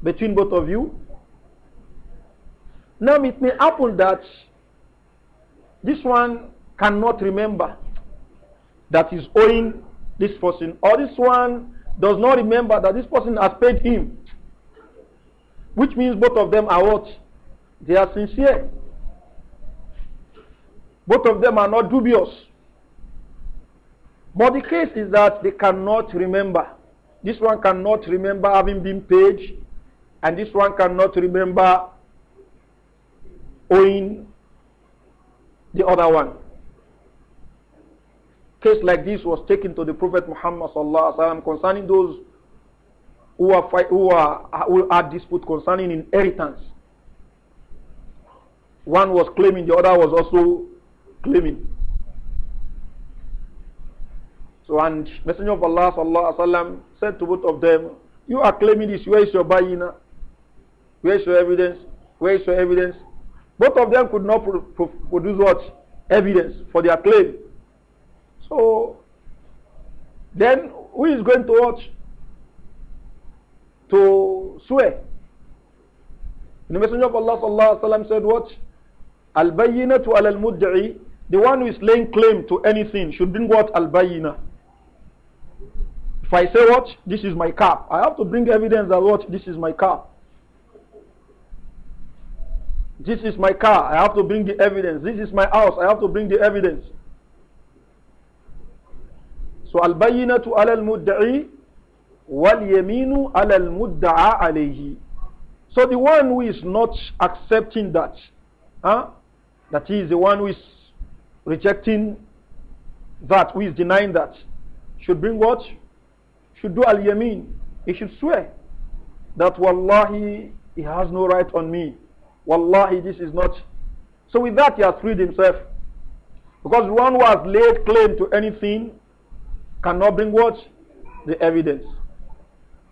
between both of you? Now it may happen that this one cannot remember that he's owing this person, or this one does not remember that this person has paid him, which means both of them are what? They are sincere. Both of them are not dubious. But the case is that they cannot remember. This one cannot remember having been paid, and this one cannot remember owing the other one. Case like this was taken to the Prophet Muhammad concerning those who are, fight, who are who dispute concerning inheritance. One was claiming, the other was also claiming and Messenger of Allah sallallahu alaihi wasallam said to both of them, "You are claiming this. Where is your bayina? Where is your evidence? Where is your evidence?" Both of them could not produce what evidence for their claim. So then, who is going to watch to swear? The Messenger of Allah sallallahu alaihi wasallam said, "What? al to al The one who is laying claim to anything should bring what al if I say what? This is my cap. I have to bring evidence that what? This is my car. This is my car. I have to bring the evidence. This is my house. I have to bring the evidence. So al bayinatu ala al-mudda'i wal-yaminu al-mudda'a alayhi. So the one who is not accepting that, huh? that is the one who is rejecting that, who is denying that, should bring what? should do al yameen He should swear that wallahi, he has no right on me. Wallahi, this is not. So with that, he has freed himself. Because one who has laid claim to anything cannot bring what? The evidence.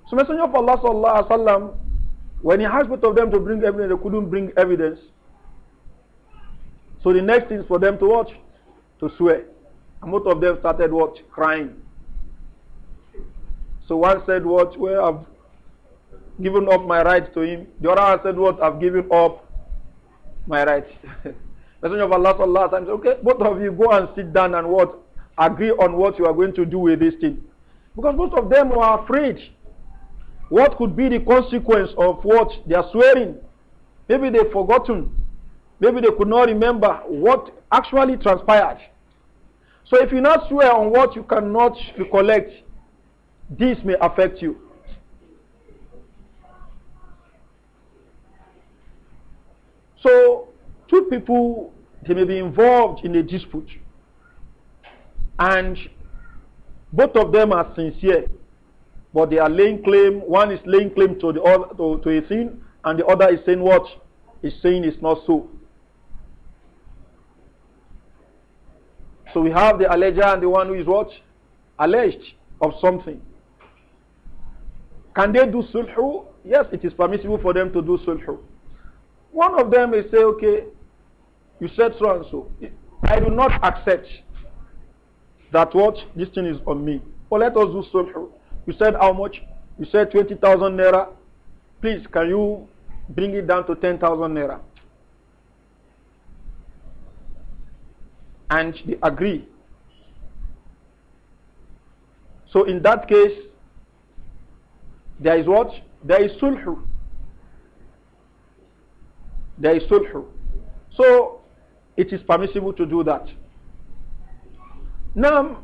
So Messenger of Allah sallallahu alaihi wasallam, when he asked both of them to bring evidence, they couldn't bring evidence. So the next thing is for them to watch, to swear. And both of them started what? Crying. So one said, What? Well, I've given up my rights to him. The other said, What? I've given up my rights. Messenger of Allah said, "Last wasallam Okay, both of you go and sit down and what? Agree on what you are going to do with this thing. Because most of them were afraid. What could be the consequence of what they are swearing? Maybe they've forgotten. Maybe they could not remember what actually transpired. So if you not swear on what you cannot recollect, this may affect you. So, two people, they may be involved in a dispute. And both of them are sincere, but they are laying claim. One is laying claim to, the other, to, to a sin, and the other is saying what is saying is not so. So we have the alleger and the one who is what? Alleged of something. Can they do sulhu? Yes, it is permissible for them to do sulhu. One of them may say, okay, you said so and so. I do not accept that what this thing is on me. Well, let us do sulhu. You said how much? You said 20,000 naira. Please, can you bring it down to 10,000 naira? And they agree. So in that case, there is what? There is sulh. There is sulh. So it is permissible to do that. Now,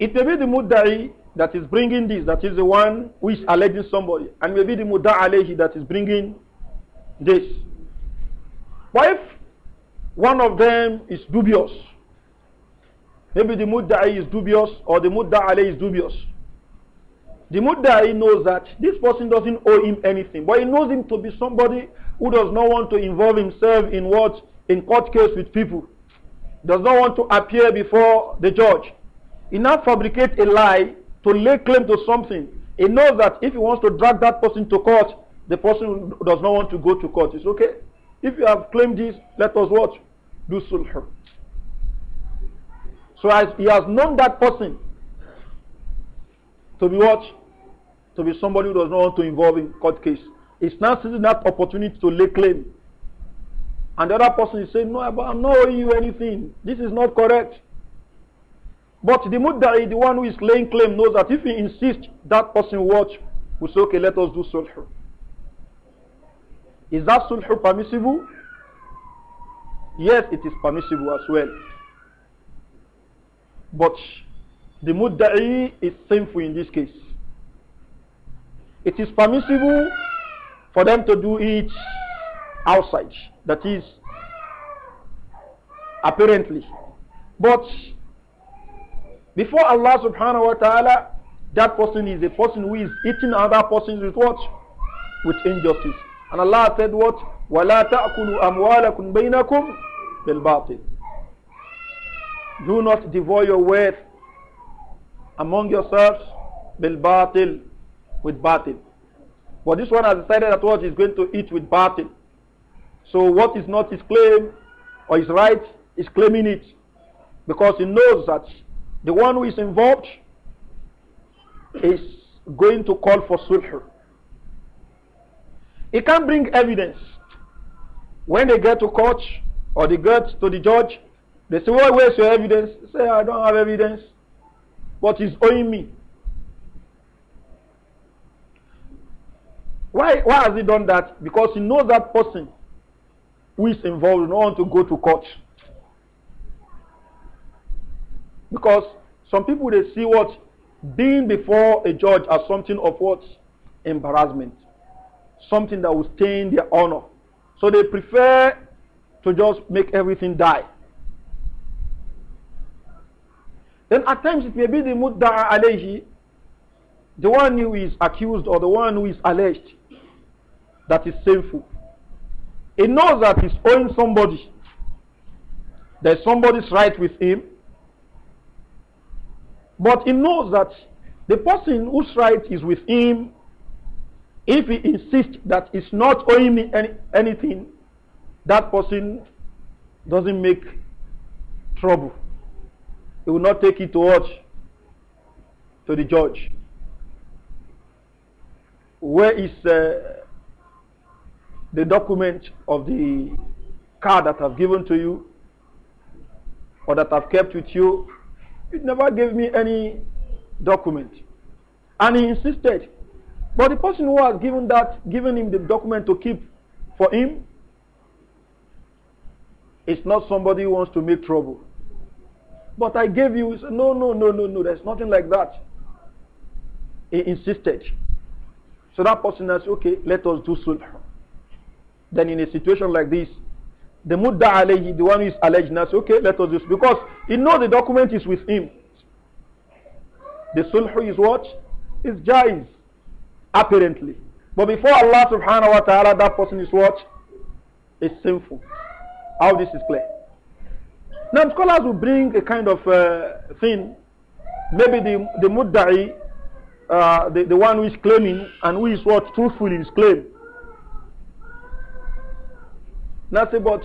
it may be the mudda'i that is bringing this, that is the one who is alleging somebody, and maybe the mudda'i that is bringing this. But if one of them is dubious, maybe the mudda'i is dubious or the mudda'i is dubious, the mudda'i knows that this person doesn't owe him anything, but he knows him to be somebody who does not want to involve himself in what? In court case with people. Does not want to appear before the judge. He now fabricates a lie to lay claim to something. He knows that if he wants to drag that person to court, the person does not want to go to court. It's okay. If you have claimed this, let us what? Do sulh. So as he has known that person to be what? to be somebody who does not want to involve in court case. It's not seizing that opportunity to lay claim. And the other person is saying, no, I'm not owing you anything. This is not correct. But the muddai, the one who is laying claim, knows that if he insists, that person watch will say, okay, let us do sulh. Is that sulh permissible? Yes, it is permissible as well. But the muddai is sinful in this case it is permissible for them to do it outside. That is, apparently. But before Allah subhanahu wa ta'ala, that person is a person who is eating another person with what? With injustice. And Allah said what? وَلَا تَأْكُلُوا أَمْوَالَكُمْ بَيْنَكُمْ بِالْبَاطِلِ Do not devour your wealth among yourselves بالباطل with batin. But this one has decided that what he's going to eat with batin. So what is not his claim or his right is claiming it because he knows that the one who is involved is going to call for sulh. He can not bring evidence. When they get to court or they get to the judge, they say, well, where's your evidence? They say, I don't have evidence. What is owing me? Why, why has he done that? Because he knows that person who is involved, no want to go to court. Because some people they see what being before a judge as something of what embarrassment, something that will stain their honor. So they prefer to just make everything die. Then at times it may be the mudda'a alayhi, the one who is accused or the one who is alleged that is sinful. He knows that he's owing somebody. There's somebody's right with him. But he knows that the person whose right is with him, if he insists that he's not owing me any, anything, that person doesn't make trouble. He will not take it to watch to the judge. Where is uh, the document of the card that I've given to you or that I've kept with you. You never gave me any document. And he insisted. But the person who has given that, given him the document to keep for him, it's not somebody who wants to make trouble. But I gave you, he said, no, no, no, no, no, there's nothing like that. He insisted. So that person has, okay, let us do sulh then in a situation like this, the mudda alayhi, the one who is alleged, says, okay, let us do this. Because he knows the document is with him. The sulh is what? Is jais, apparently. But before Allah subhanahu wa ta'ala, that person is what? Is sinful. How this is clear. Now scholars will bring a kind of uh, thing. Maybe the, the mudda'i, uh, the, the one who is claiming and who is what truthful in his claim nothing but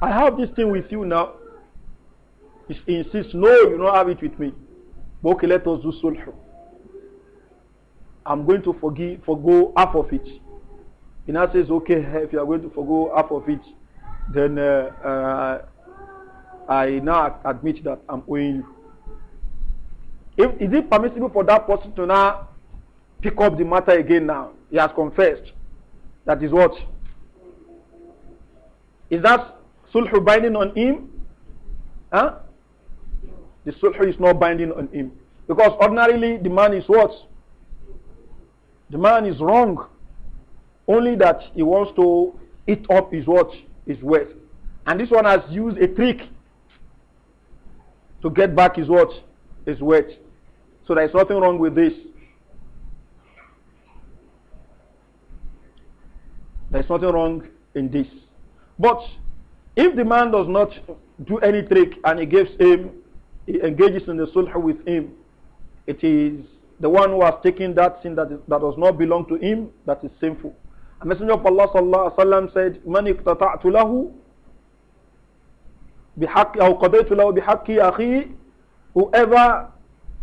I have this thing with you now. He insists, no, you don't have it with me. But okay, let us do sulh. I'm going to forgive, forgo half of it. He now says, okay, if you are going to forgo half of it, then uh, uh, I now admit that I'm owing you. If, is it permissible for that person to now pick up the matter again now? He has confessed. That is what? Is that sulh binding on him? Huh? The sulh is not binding on him. Because ordinarily the man is what? The man is wrong. Only that he wants to eat up his what? His wealth. And this one has used a trick to get back his what? His wealth. So there is nothing wrong with this. There is nothing wrong in this. But if the man does not do any trick and he gives him, he engages in the sulh with him, it is the one who has taken that sin that, is, that does not belong to him that is sinful. A Messenger of Allah sallallahu alaihi wasallam said, "Man iqtata'tu lahu bihaqqi aw qadaytu lahu bihaqqi akhi, whoever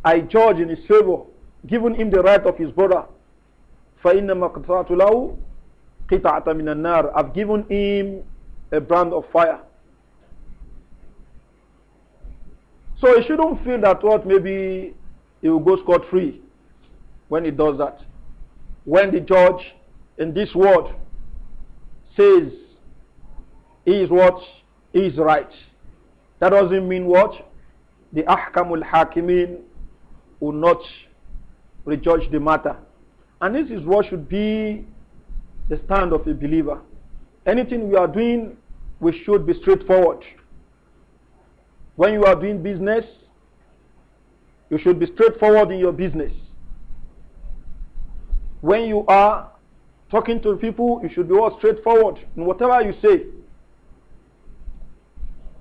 I judge in his favor, given him the right of his brother, فَإِنَّمَا قَطَعْتُ min قِطَعْتَ مِنَ النَّارِ I've given him a brand of fire. So he shouldn't feel that what maybe he will go scot free when he does that. When the judge in this world says he is what he is right, that doesn't mean what the ahkamul hakimin will not rejudge the matter. And this is what should be the stand of a believer. Anything we are doing we should be straightforward. When you are doing business, you should be straightforward in your business. When you are talking to people, you should be all straightforward in whatever you say.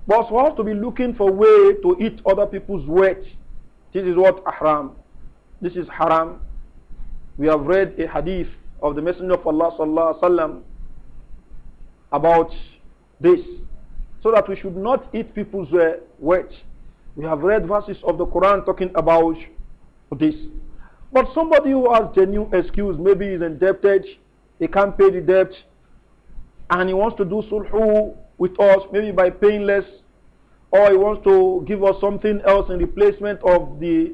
But for us to be looking for way to eat other people's weight, this is what haram. This is haram. We have read a hadith of the Messenger of Allah sallallahu alaihi wasallam about this so that we should not eat people's uh, words. We have read verses of the Quran talking about this. But somebody who has genuine excuse, maybe he's indebted, he can't pay the debt, and he wants to do sulhu with us, maybe by paying less, or he wants to give us something else in replacement of the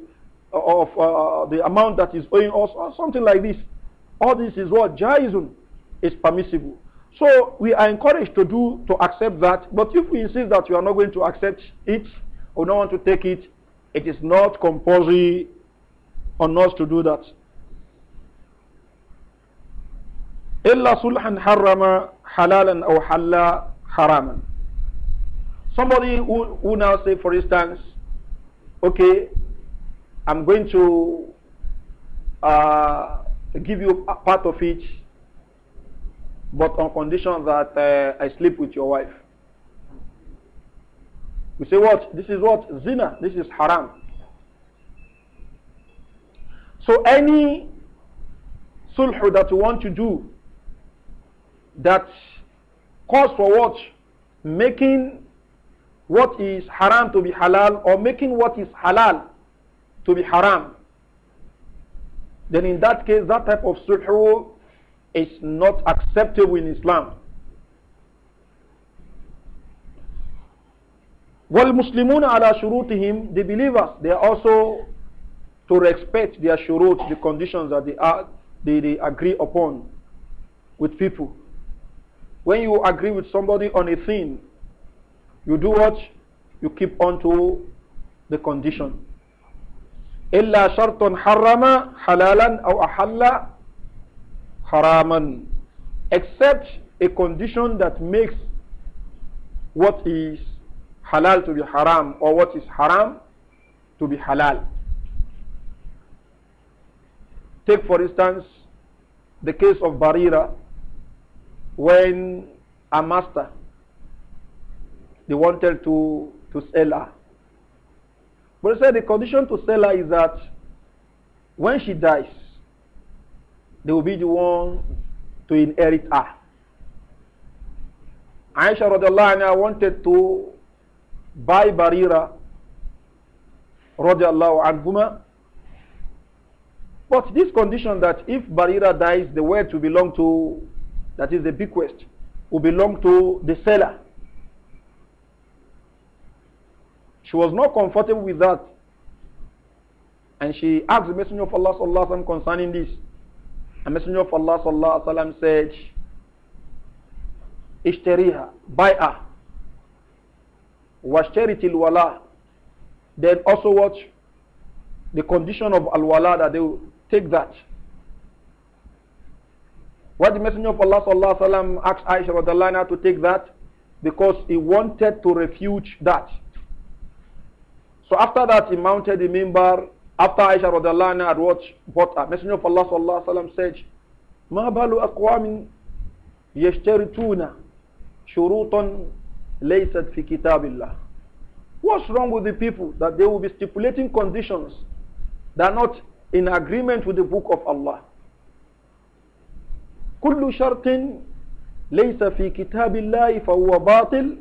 of uh, the amount that is owing us, or something like this. All this is what jaizun is permissible. So we are encouraged to do to accept that. But if we insist that you are not going to accept it or not want to take it, it is not compulsory on us to do that. إلا صلحا حرم حلالا أو حلا حراما. Somebody who, who now say, for instance, okay, I'm going to uh, give you a part of it but on condition that uh, I sleep with your wife. We say what? This is what? Zina. This is haram. So any sulh that you want to do that calls for what? Making what is haram to be halal or making what is halal to be haram. Then in that case, that type of sulh is not acceptable in Islam. Well, Muslimun ala shurutihim, the believers, they are also to respect their shurut, the conditions that they, are, they, they agree upon with people. When you agree with somebody on a thing, you do what? You keep on to the condition. إلا شرط حرم حلالا أو أحل haraman except a condition that makes what is halal to be haram or what is haram to be halal. Take for instance the case of Barira when a master they wanted to, to sell her. But they said the condition to sell her is that when she dies, they will be the one to inherit her. Aisha radiallahu anha wanted to buy Barira radiallahu anhuma. But this condition that if Barira dies, the wealth will belong to, that is the bequest, will belong to the seller. She was not comfortable with that. And she asked the Messenger of Allah concerning this. A messenger of Allah sallallahu alaihi wasallam said, "Ishtariha, buy her. Washtari al wala." Then also watch the condition of al wala that they will take that. What the messenger of Allah sallallahu alaihi wasallam asked Aisha radhiallahu to take that because he wanted to refute that. So after that, he mounted the mimbar after Aisha radiallahu anha had watched what a uh, Messenger of Allah sallallahu alaihi wasallam said, ما بال أقوام يشترطون shurutan ليست fi kitabillah." What's wrong with the people that they will be stipulating conditions that are not in agreement with the book of Allah? Kullu كل شرط fi في كتاب huwa فهو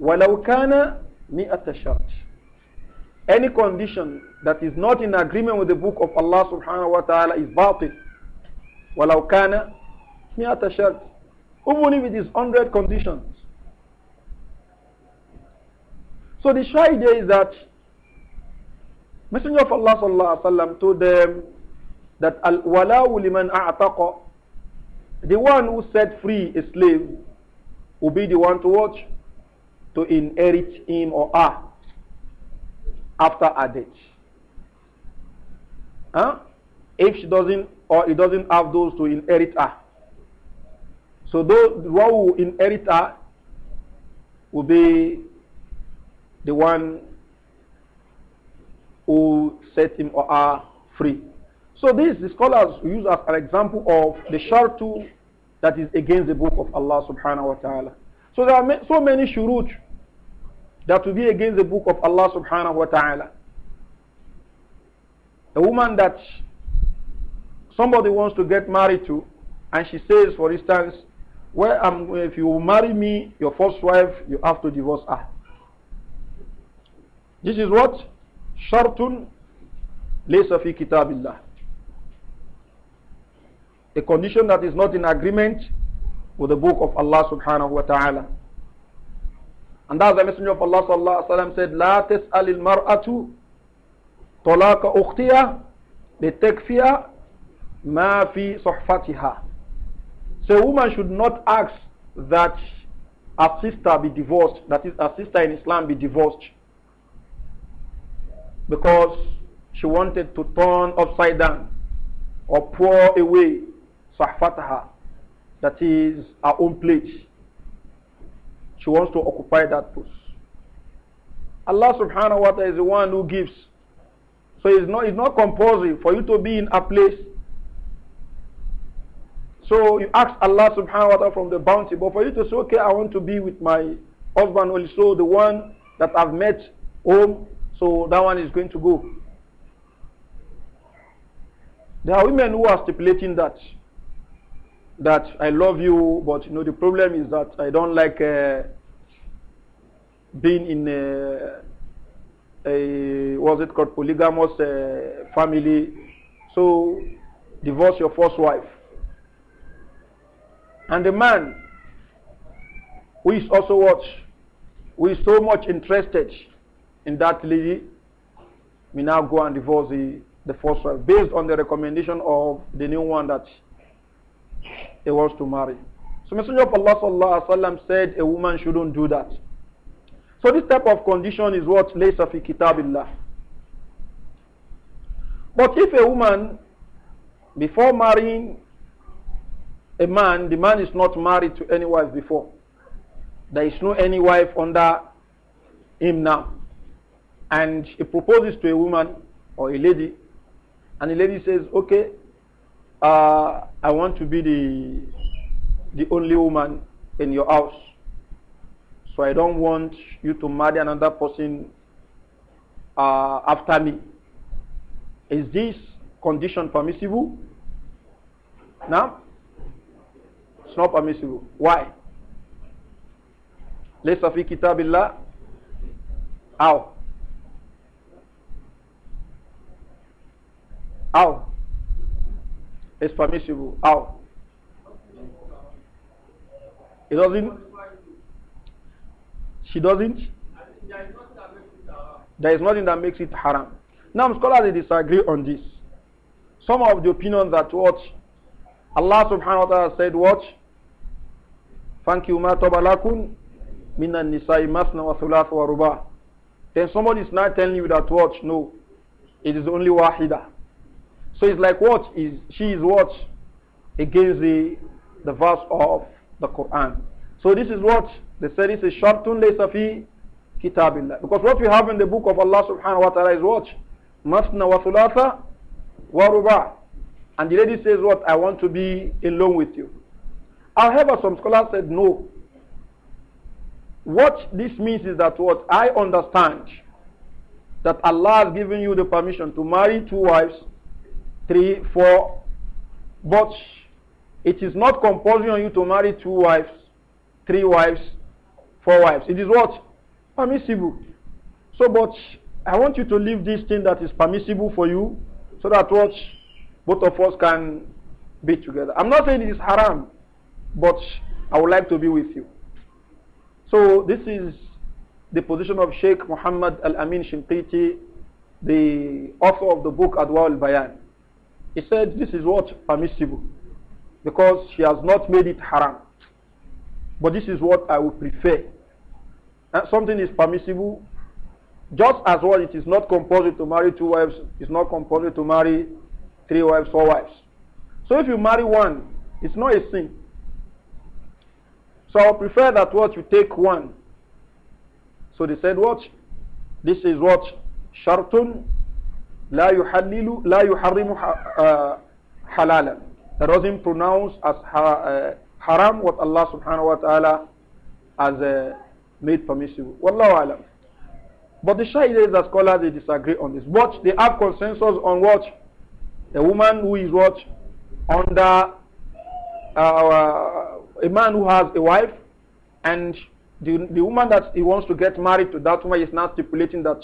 walau kana كان مئة شرط any condition that is not in agreement with the book of Allah subhanahu wa ta'ala is batil. Walau kana مِئَةَ شَرْطٍ Even if it is 100 conditions. So the shy idea is that Messenger of Allah sallallahu alaihi wasallam told them that al-wala'u liman a'taqa the one who set free a slave will be the one to watch to inherit him or her after her death. Huh? If she doesn't or he doesn't have those to inherit her. So those one who inherit her will be the one who set him or her free. So this the scholars use as an example of the shartu that is against the book of Allah subhanahu wa ta'ala. So there are so many shurut that will be against the book of Allah subhanahu wa ta'ala. A woman that somebody wants to get married to, and she says, for instance, well, if you marry me, your first wife, you have to divorce her. This is what? Shartun laysa fi kitabillah. A condition that is not in agreement with the book of Allah subhanahu wa ta'ala. And that's the Messenger of Allah sallallahu alaihi said, لا تسأل المرأة طلاق أختها لتكفي ما في صحفتها. So a woman should not ask that her sister be divorced, that is, her sister in Islam be divorced, because she wanted to turn upside down or pour away sahfataha, that is, her own plate she wants to occupy that post. Allah subhanahu wa ta'ala is the one who gives. So it's not, it's not compulsory for you to be in a place. So you ask Allah subhanahu wa ta'ala from the bounty, but for you to say, okay, I want to be with my husband only, so the one that I've met home, so that one is going to go. There are women who are stipulating that that I love you, but you know the problem is that I don't like uh, being in a, a what's it called, polygamous uh, family. So divorce your first wife. And the man who is also what, who is so much interested in that lady, we now go and divorce the, the first wife based on the recommendation of the new one that he wants to marry. So Messenger of Allah said a woman shouldn't do that. So this type of condition is what laysa fi kitabillah. But if a woman, before marrying a man, the man is not married to any wife before. There is no any wife under him now. And he proposes to a woman or a lady, and the lady says, okay, uh, I want to be the, the only woman in your house. So I don't want you to marry another person uh, after me. Is this condition permissible? No. it's not permissible. Why? ليس في كتاب الله أو It's permissible. How? It doesn't she doesn't? There is nothing that makes it haram. Now, scholars disagree on this. Some of the opinions that what Allah subhanahu wa ta'ala said, what? Thank you, ma tabalakun minan nisa'i masna wa thulath wa ruba. Then somebody is not telling you that what? No. It is only wahida. So it's like what is she is what against the the verse of the Quran. So this is what the said is a shartun laysa fi kitabillah. Because what we have in the book of Allah subhanahu wa ta'ala is what? Masna wa thulatha wa ruba'. And the lady says what? I want to be alone with you. However, some scholars said no. What this means is that what I understand that Allah has given you the permission to marry two wives, three, four, but it is not compulsory on you to marry two wives, three wives, four wives. It is what? Permissible. So, but I want you to leave this thing that is permissible for you so that what both of us can be together. I'm not saying it is haram, but I would like to be with you. So this is the position of Sheikh Muhammad Al-Amin Shintiti, the author of the book Adwa al-Bayan. He said this is what? Permissible. Because she has not made it haram. But this is what I would prefer and uh, something is permissible, just as well it is not compulsory to marry two wives, it's not compulsory to marry three wives, four wives. So if you marry one, it's not a sin. So I prefer that what you take one. So they said what? This is what? Shartun la yuhallilu la yuharrimu ha, uh, halalan. That was not pronounced as uh, haram what Allah subhanahu wa ta'ala has made permissible. Wallahu alam. But the is that scholars they disagree on this. But they have consensus on what? A woman who is what? Under uh, a man who has a wife and the, the woman that he wants to get married to, that woman is now stipulating that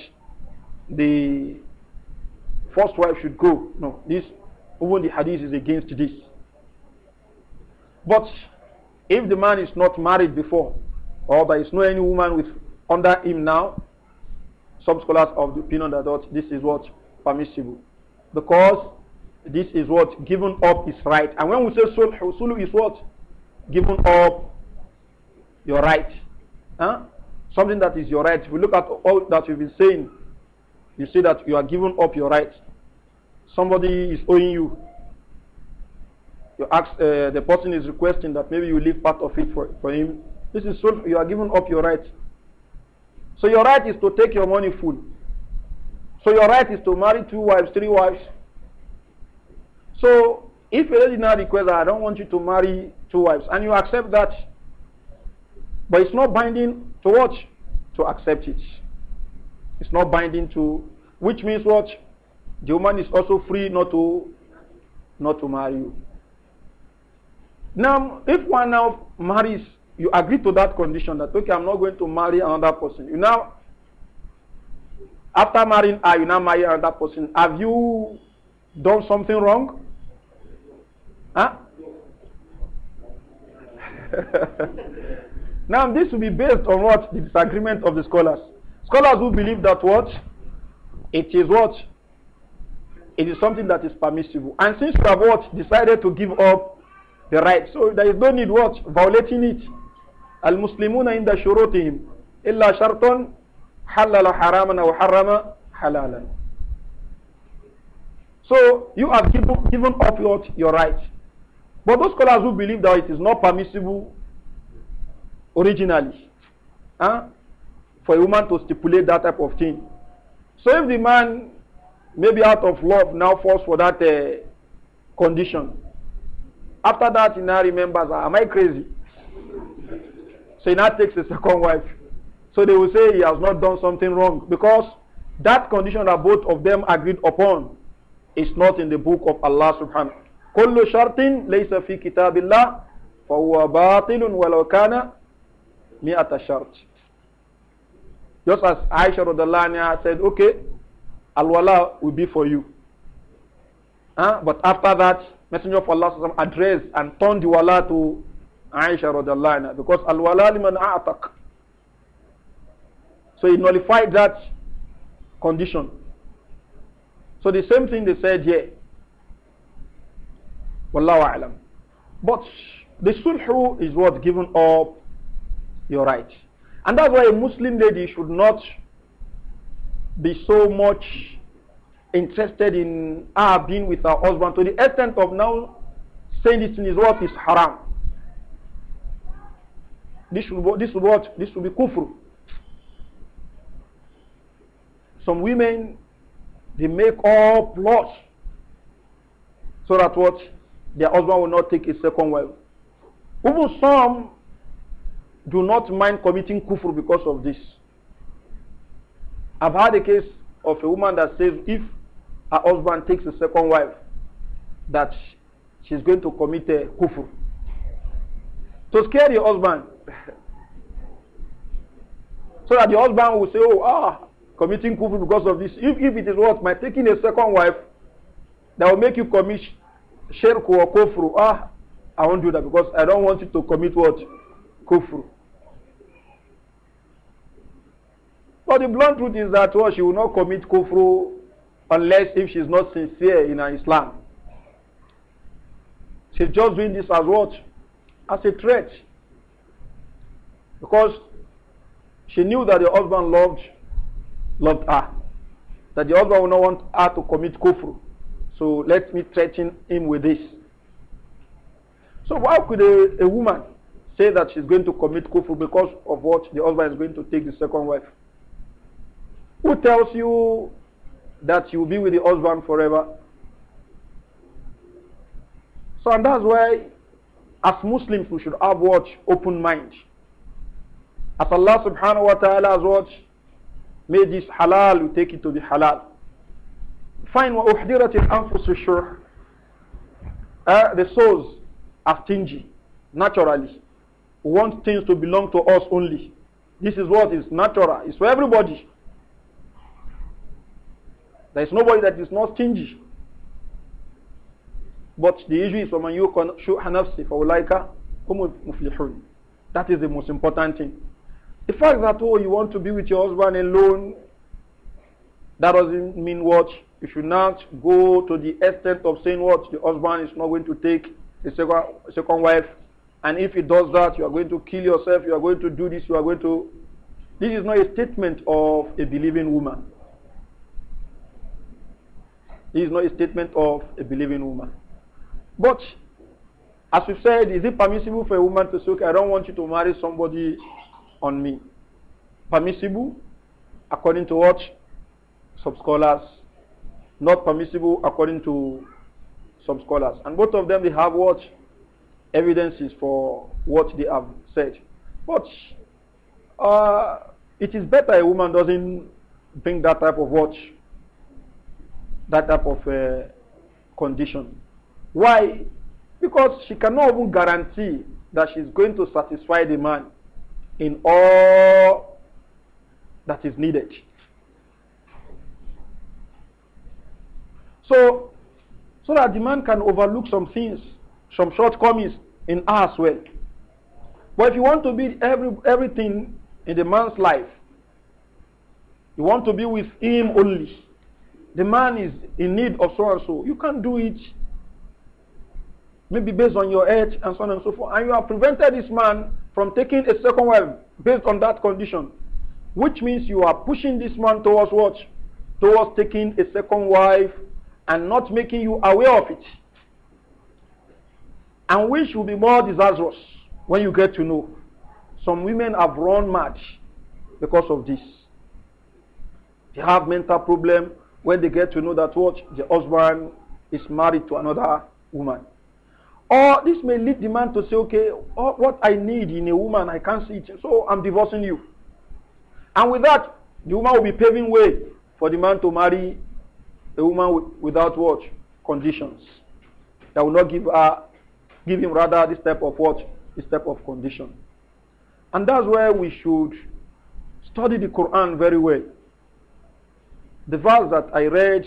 the first wife should go. No, this even the hadith is against this. But if the man is not married before, or there is no any woman with under him now, some scholars of the opinion that this is what permissible. Because this is what given up is right. And when we say sulh, sulh is what? Given up your right. Huh? Something that is your right. If we look at all that we've been saying, you see that you are giving up your right. Somebody is owing you. You ask, uh, the person is requesting that maybe you leave part of it for, for him this is sulh. You are giving up your right. So your right is to take your money full. So your right is to marry two wives, three wives. So if a lady now requests, I don't want you to marry two wives, and you accept that, but it's not binding to what? To accept it. It's not binding to, which means what? The woman is also free not to, not to marry you. Now, if one now marries you agree to that condition that okay, I'm not going to marry another person. You now after marrying I you now marry another person. Have you done something wrong? Huh? now this will be based on what the disagreement of the scholars. Scholars who believe that what it is what it is something that is permissible. And since you have what decided to give up the right, so there is no need what violating it. المسلمون عند شروطهم إلا شرط حلل حراما أو حرم حلالا So you have given, given up your, your right. But those scholars who believe that it is not permissible originally huh, for a woman to stipulate that type of thing. So if the man, maybe out of love, now falls for that uh, condition, after that he now remembers, ah, am I crazy? So he now takes a second wife. So they will say he has not done something wrong because that condition that both of them agreed upon is not in the book of Allah subhanahu. كل شرط ليس في كتاب الله فهو باطل ولو كان مئة شرط. Just as Aisha Anha said, okay, Al-Wala will be for you. Huh? But after that, Messenger of Allah addressed and turned the Wala to Aisha radiallahu anha, because al-wala liman a'taq. So he nullified that condition. So the same thing they said here. Wallahu a'lam. But the sulhu is what giving up your right. And that's why a Muslim lady should not be so much interested in her being with her husband to the extent of now saying this thing is what is haram. This will, this will what? This will be kufr. Some women, they make up lots so that what? Their husband will not take a second wife. Even some do not mind committing kufr because of this. I've had a case of a woman that says if her husband takes a second wife, that she's going to commit a kufr. To scare your husband, so that the husband will say, oh, ah, committing kufu because of this. If, if it is what? My taking a second wife that will make you commit shirk or kufr. Ah, I won't do that because I don't want you to commit what? Kufr. But the blunt truth is that well, oh, she will not commit kufr unless if she's not sincere in her Islam. She's just doing this as what? As a threat. Because she knew that the husband loved, loved her. That the husband would not want her to commit kufru. So let me threaten him with this. So how could a, a woman say that she's going to commit kufru because of what the husband is going to take the second wife? Who tells you that you will be with the husband forever? So and that's why as Muslims we should have what open mind. As Allah subhanahu wa ta'ala has watched, Made this halal, we take it to be halal. Fine, وَأُحْدِرَتِ anfus الشُّرْحِ uh, The souls are stingy, naturally. We want things to belong to us only. This is what is natural. It's for everybody. There is nobody that is not stingy. But the issue is when you can نَفْسِ فَأُولَٰئِكَ for الْمُفْلِحُونَ That is the most important thing. The fact that, oh, you want to be with your husband alone, that doesn't mean what? You should not go to the extent of saying what? The husband is not going to take the second, second wife. And if he does that, you are going to kill yourself, you are going to do this, you are going to. This is not a statement of a believing woman. This is not a statement of a believing woman. But, as we said, is it permissible for a woman to say, okay, I don't want you to marry somebody on me. Permissible according to what? Some scholars. Not permissible according to some scholars. And both of them, they have what? Evidences for what they have said. But uh, it is better a woman doesn't bring that type of watch, that type of uh, condition. Why? Because she cannot even guarantee that she's going to satisfy the man in all that is needed. So, so that the man can overlook some things, some shortcomings in us as well. But if you want to be every, everything in the man's life, you want to be with him only. The man is in need of so and so. You can't do it. Maybe based on your age and so on and so forth. And you have prevented this man from taking a second wife based on that condition, which means you are pushing this man towards what? Towards taking a second wife and not making you aware of it. And which will be more disastrous when you get to know. Some women have run mad because of this. They have mental problem when they get to know that what the husband is married to another woman. Or oh, this may lead the man to say, okay, oh, what I need in a woman, I can't see it, so I'm divorcing you. And with that, the woman will be paving way for the man to marry a woman without what? Conditions. That will not give her, give him rather this type of what? This type of condition. And that's where we should study the Quran very well. The verse that I read,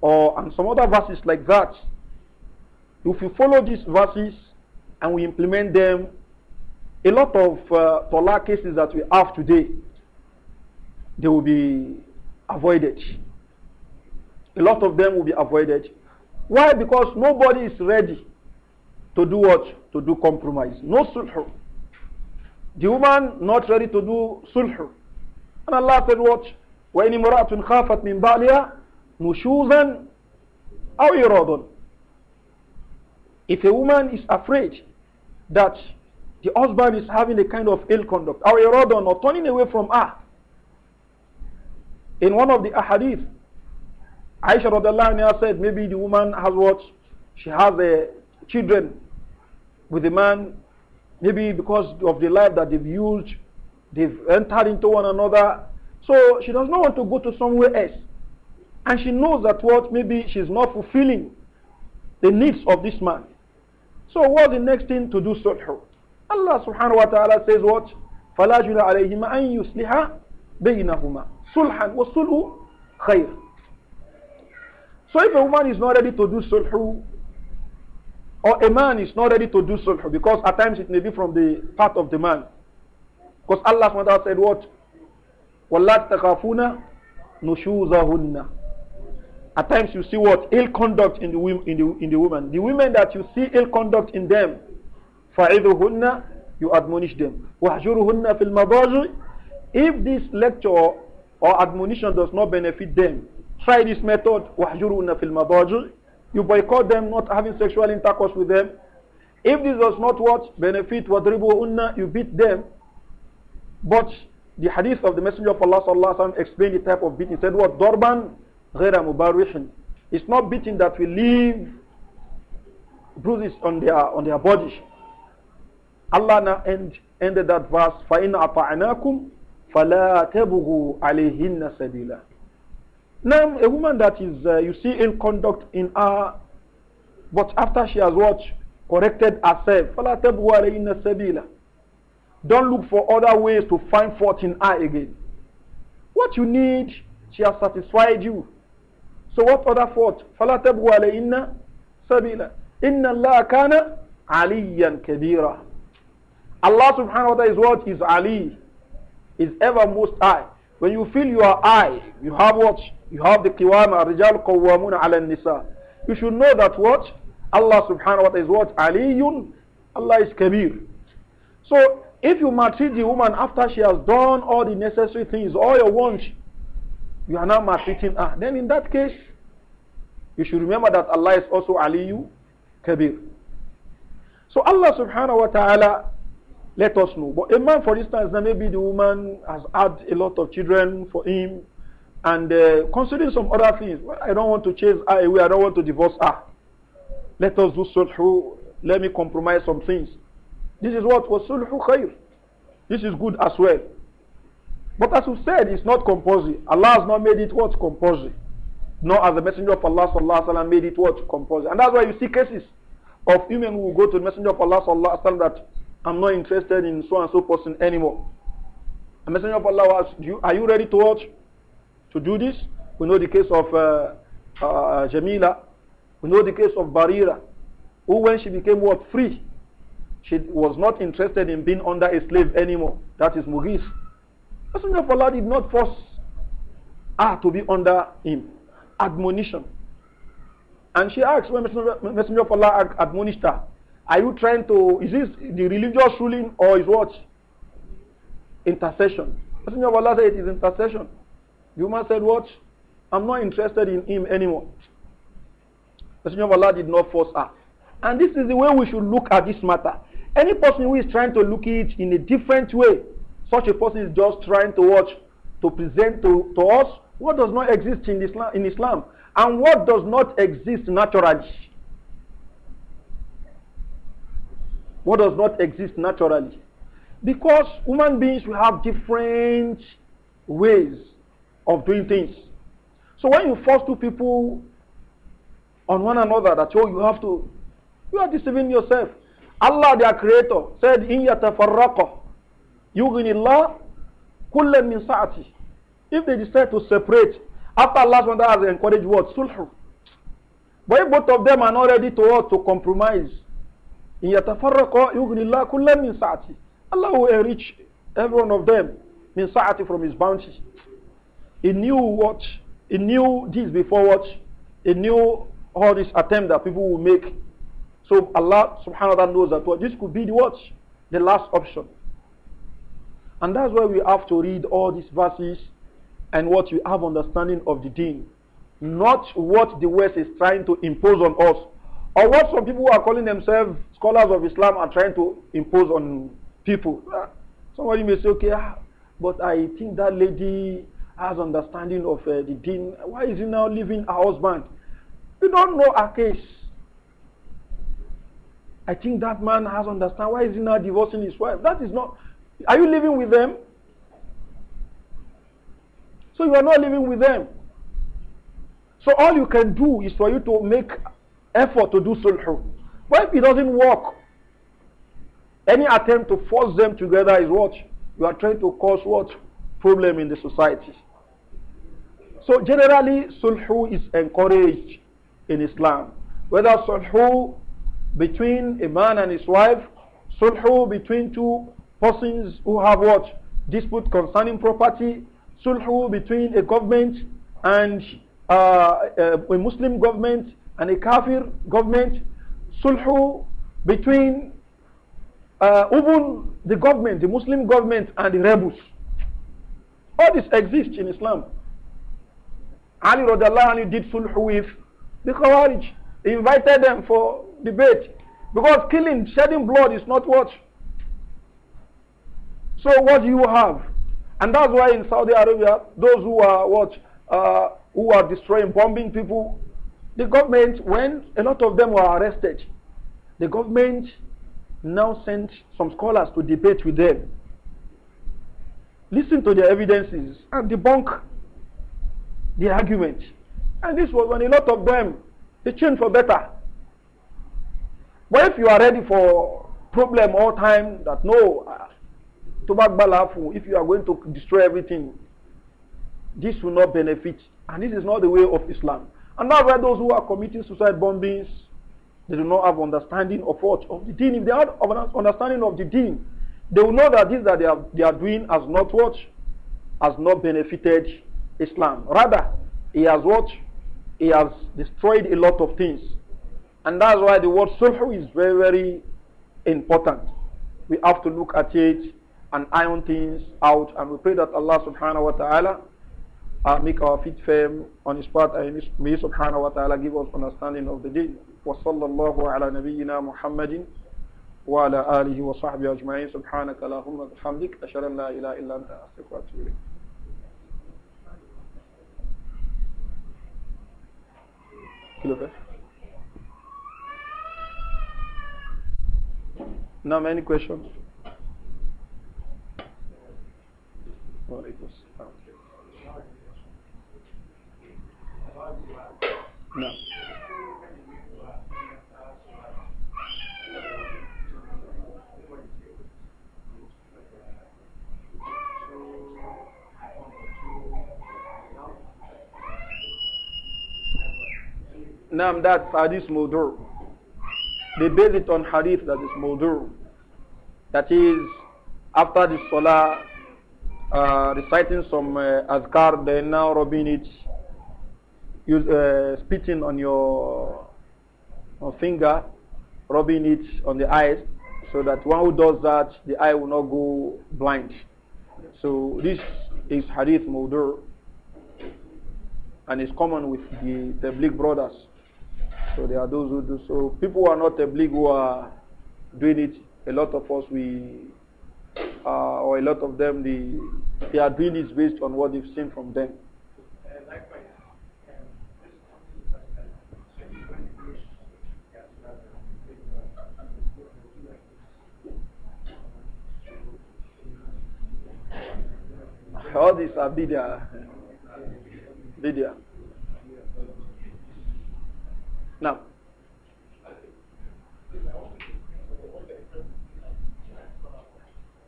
or and some other verses like that, if you follow these verses and we implement them, a lot of uh, cases that we have today, they will be avoided. A lot of them will be avoided. Why? Because nobody is ready to do what? To do compromise. No sulh. The woman not ready to do sulh. And Allah said what? وَإِنِ مُرَأَةٌ خَافَتْ مِنْ بَعْلِهَا نُشُوزًا أَوْ إِرَادًا if a woman is afraid that the husband is having a kind of ill conduct or erodon or turning away from her, in one of the ahadith, Aisha anha said maybe the woman has what? She has eh, children with the man, maybe because of the life that they've used, they've entered into one another. So she does not want to go to somewhere else. And she knows that what maybe she's not fulfilling the needs of this man. So what's the next thing to do Sulhu. Allah subhanahu wa ta'ala says what? فَلَا جُنَا عَلَيْهِمَا أَن يُسْلِحَ بَيْنَهُمَا صُلْحًا وَصُلْءُ خَيْرٌ So if a woman is not ready to do sulhu, or a man is not ready to do sulhu, because at times it may be from the part of the man. Because Allah subhanahu wa ta'ala said what? وَلَا تَخَافُونَ نُشُوزَهُنَّ at times you see what? Ill conduct in the, in the, in the woman. The women that you see ill conduct in them, فَعِذُهُنَّ You admonish them. وَحْجُرُهُنَّ fil الْمَضَاجِ If this lecture or admonition does not benefit them, try this method. وَحْجُرُهُنَّ fil الْمَضَاجِ You boycott them, not having sexual intercourse with them. If this does not what? Benefit وَضْرِبُهُنَّ You beat them. But the hadith of the Messenger of Allah sallallahu alaihi wasallam explained the type of beating. He said what? Dorban غير مبارح It's not beating that will leave bruises on their on their bodies. Allah now end, ended that verse فَإِنْ أَطَعْنَاكُمْ فَلَا تَبْغُوا عَلَيْهِنَّ سَبِيلًا Now a woman that is, uh, you see ill conduct in her, but after she has watched, corrected herself, فَلَا تَبْغُوا عَلَيْهِنَّ سَبِيلًا Don't look for other ways to find fault in her again. What you need, she has satisfied you. So what other fault? فَلَا تَبْغُوا عَلَيْهِنَّ سَبِيلًا إِنَّ اللَّهَ كَانَ عَلِيًّا كَبِيرًا Allah subhanahu wa ta'ala is what? Is Ali. Is ever most high. When you feel you are high, you have what? You have the qiwama, rijal qawwamuna ala nisa. You should know that what? Allah subhanahu wa ta'ala is what? Aliyun. Allah is kabir. So if you maltreat the woman after she has done all the necessary things, all your wants, you are now to her. Then in that case, you should remember that Allah is also Aliyu Kabir. So Allah subhanahu wa ta'ala let us know. But a man, for instance, maybe the woman has had a lot of children for him and uh, considering some other things. Well, I don't want to chase her away. I don't want to divorce her. Let us do sulhu. Let me compromise some things. This is what was sulhu khair. This is good as well. But as we said, it's not compulsory. Allah has not made it what? Compulsory. Nor has the Messenger of Allah sallallahu alayhi wa made it what? Compulsory. And that's why you see cases of women who go to the Messenger of Allah sallallahu alayhi wa that I'm not interested in so and so person anymore. The Messenger of Allah asks, you, are you ready to watch? To do this? We know the case of uh, uh, Jamila. We know the case of Barira. Who when she became what? Free. She was not interested in being under a slave anymore. That is Mughis. Messenger of Allah did not force her to be under him. Admonition. And she asked when Messenger of Allah admonished her, Are you trying to, is this the religious ruling or is what? Intercession. Messenger of Allah said it is intercession. The woman said, What? I'm not interested in him anymore. Messenger of Allah did not force her. And this is the way we should look at this matter. Any person who is trying to look at it in a different way such a person is just trying to watch, to present to, to us what does not exist in Islam, in Islam and what does not exist naturally. What does not exist naturally. Because human beings will have different ways of doing things. So when you force two people on one another that oh you have to you are deceiving yourself. Allah their creator said in yatafarraqa Yugnillah kullam min sa'ati. If they decide to separate, after Allah one has encouraged what? Sulhu. But if both of them are not ready to what? To compromise. In yatafarraqa yugnillah kullam min sa'ati. Allah will enrich every one of them min sa'ati from his bounty. He knew what? He knew this before what? He knew all this attempt that people will make. So Allah subhanahu wa ta'ala knows that what? This could be the what? The last option. And that's why we have to read all these verses and what we have understanding of the deen. Not what the West is trying to impose on us. Or what some people who are calling themselves scholars of Islam are trying to impose on people. Ah, somebody may say, okay, ah, but I think that lady has understanding of uh, the deen. Why is he now leaving her husband? You don't know her case. I think that man has understand. Why is he now divorcing his wife? That is not. Are you living with them? So you are not living with them. So all you can do is for you to make effort to do sulh. But if it doesn't work, any attempt to force them together is what? You are trying to cause what? Problem in the society. So generally, sulh is encouraged in Islam. Whether sulh between a man and his wife, sulh between two persons who have what? Dispute concerning property, sulhu between a government and uh, a, Muslim government and a kafir government, sulhu between uh, even the government, the Muslim government and the rebels. All this exists in Islam. Ali radiallahu did sulhu with the Khawarij. He invited them for debate. Because killing, shedding blood is not what? So what do you have? And that's why in Saudi Arabia, those who are what uh, who are destroying, bombing people, the government, when a lot of them were arrested, the government now sent some scholars to debate with them. Listen to their evidences and debunk the argument. And this was when a lot of them they changed for better. But if you are ready for problem all time, that no, if you are going to destroy everything, this will not benefit. And this is not the way of Islam. And that's why those who are committing suicide bombings, they do not have understanding of what? Of the deen. If they have understanding of the deen, they will know that this that they are, they are doing has not what? Has not benefited Islam. Rather, he has what? He has destroyed a lot of things. And that's why the word "sulhu" is very, very important. We have to look at it and iron things out. And we pray that Allah subhanahu wa ta'ala uh, make our feet firm on his path and may subhanahu wa ta'ala give us understanding of the deen. وصلى الله على نبينا محمد وعلى آله وصحبه أجمعين سبحانك اللهم وبحمدك أشهد أن لا إله إلا أنت أستغفرك وأتوب إليك Now many questions. وعليكم السلام نعم Now that hadith mudur. They base it on hadith that is mudur. That is, after the salah, uh, reciting some uh, azkar, then now rubbing it, use, uh, spitting on your finger, rubbing it on the eyes, so that one who does that, the eye will not go blind. So this is hadith mawdur, and it's common with the Tabligh brothers. So there are those who do so. People who are not Tabligh who are doing it. A lot of us we uh, or a lot of them, the, they are doing this based on what they've seen from them. All these are bidia. Bidia.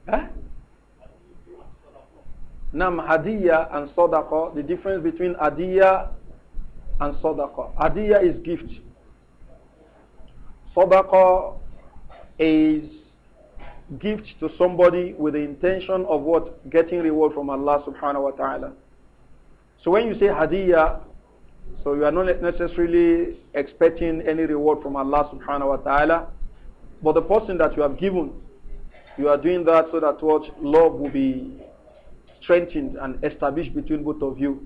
Huh? Nam hadiya and sadaqa, the difference between hadiya and sadaqa. Hadiya is gift. Sadaqa is gift to somebody with the intention of what? Getting reward from Allah subhanahu wa ta'ala. So when you say hadiya, so you are not necessarily expecting any reward from Allah subhanahu wa ta'ala. But the person that you have given you are doing that so that what love will be strengthened and established between both of you.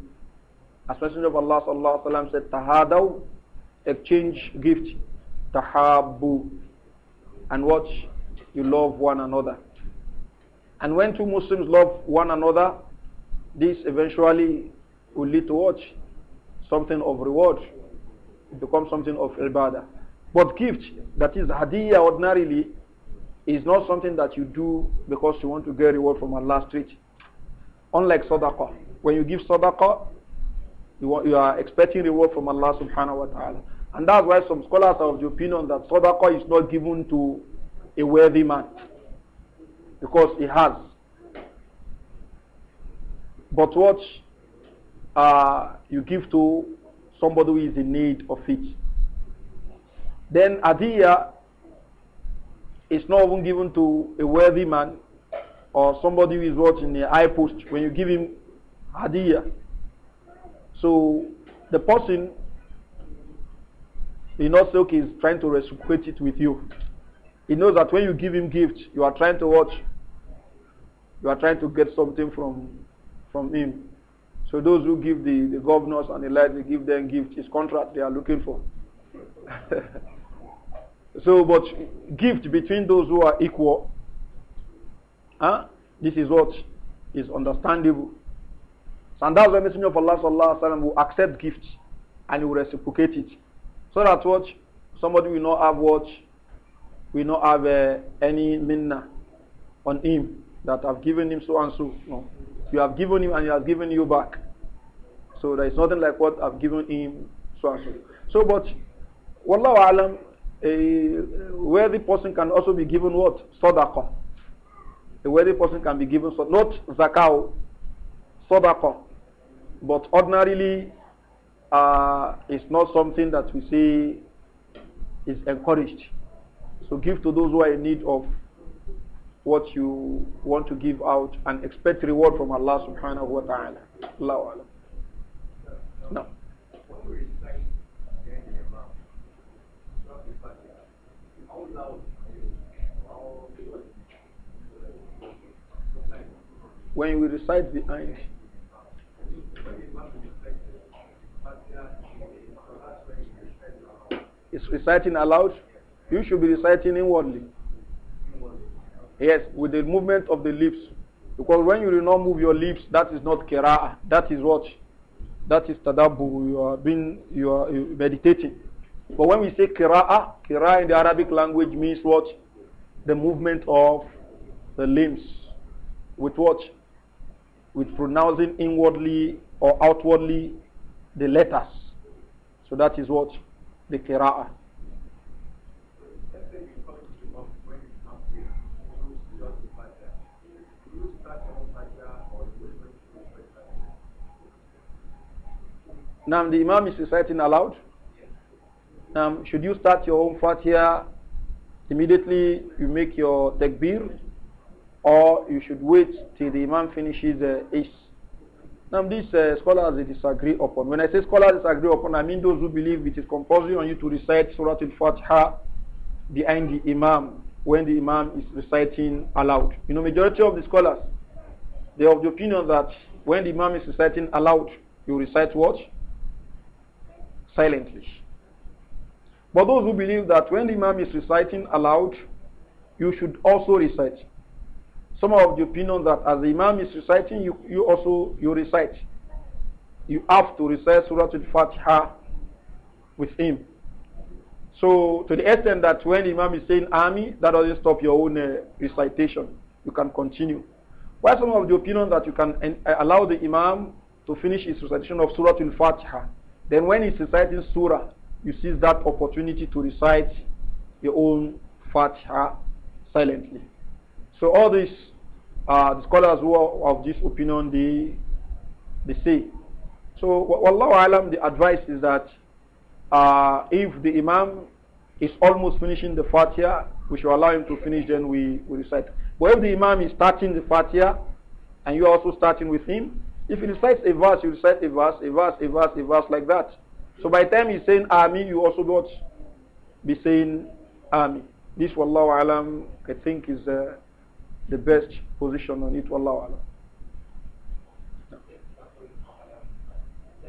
As Messenger of Allah sallallahu alaihi wasallam said, "Tahadaw, exchange gift, tahabu, and watch you love one another." And when two Muslims love one another, this eventually will lead to what something of reward. It becomes something of ibadah. But gift, that is hadiyah ordinarily, is not something that you do because you want to get reward from Allah street. Unlike sadaqah. When you give sadaqah, you are, you are expecting reward from Allah subhanahu wa ta'ala. And that's why some scholars are of the opinion that sadaqah is not given to a worthy man. Because he has. But what uh, you give to somebody who is in need of it. Then adiyah it's not even given to a worthy man or somebody who is watching the high post when you give him hadiyah. So the person in not say, is trying to reciprocate it with you. He knows that when you give him gift, you are trying to watch. You are trying to get something from from him. So those who give the, the governors and the like, they give them gift. It's contract they are looking for. So, but gift between those who are equal, huh? this is what is understandable. So, and that's why Messenger of Allah sallallahu alaihi wasallam will accept gifts and he will reciprocate it. So that what somebody will not have what will not have uh, any minna on him that have given him so and so. No. You have given him and he has given you back. So there is nothing like what I've given him so and so. So but Wallahu alam a worthy person can also be given what? Sadaqah. A worthy person can be given, so not zakah, sadaqah. But ordinarily, uh, it's not something that we see is encouraged. So give to those who are in need of what you want to give out and expect reward from Allah subhanahu wa ta'ala. Allah. No. When we recite the ayah, is reciting aloud, you should be reciting inwardly. Yes, with the movement of the lips. Because when you do not move your lips, that is not kira'ah. That is what? That is tadabbur. You are being, you are meditating. But when we say qira'ah, qira'ah in the Arabic language means what? The movement of the limbs. With what? With pronouncing inwardly or outwardly the letters. So that is what? The qira'ah. Now the Imam is reciting aloud. Um, should you start your own Fatiha immediately you make your takbir or you should wait till the Imam finishes uh, his. Now these uh, scholars they disagree upon. When I say scholars disagree upon, I mean those who believe it is compulsory on you to recite Surah Al-Fatiha behind the Imam when the Imam is reciting aloud. You know, majority of the scholars, they have the opinion that when the Imam is reciting aloud, you recite what? Silently. But those who believe that when the Imam is reciting aloud, you should also recite. Some of the opinion that as the Imam is reciting, you, you also you recite. You have to recite Surah Al-Fatiha with him. So to the extent that when the Imam is saying Ami, that doesn't stop your own uh, recitation. You can continue. Why some of the opinion that you can uh, allow the Imam to finish his recitation of Surah Al-Fatiha. Then when he's reciting Surah, you seize that opportunity to recite your own Fatiha silently. So all these uh, the scholars who are of this opinion, they, they say. So Wallahu Alam, the advice is that uh, if the Imam is almost finishing the Fatiha, we should allow him to finish, then we, we recite. But if the Imam is starting the Fatiha, and you are also starting with him, if he recites a verse, you recite a verse, a verse, a verse, a verse like that. So by the time he's saying army, you also got be saying army. This wallahu alam, I think is uh, the best position on it. Wallahu alam.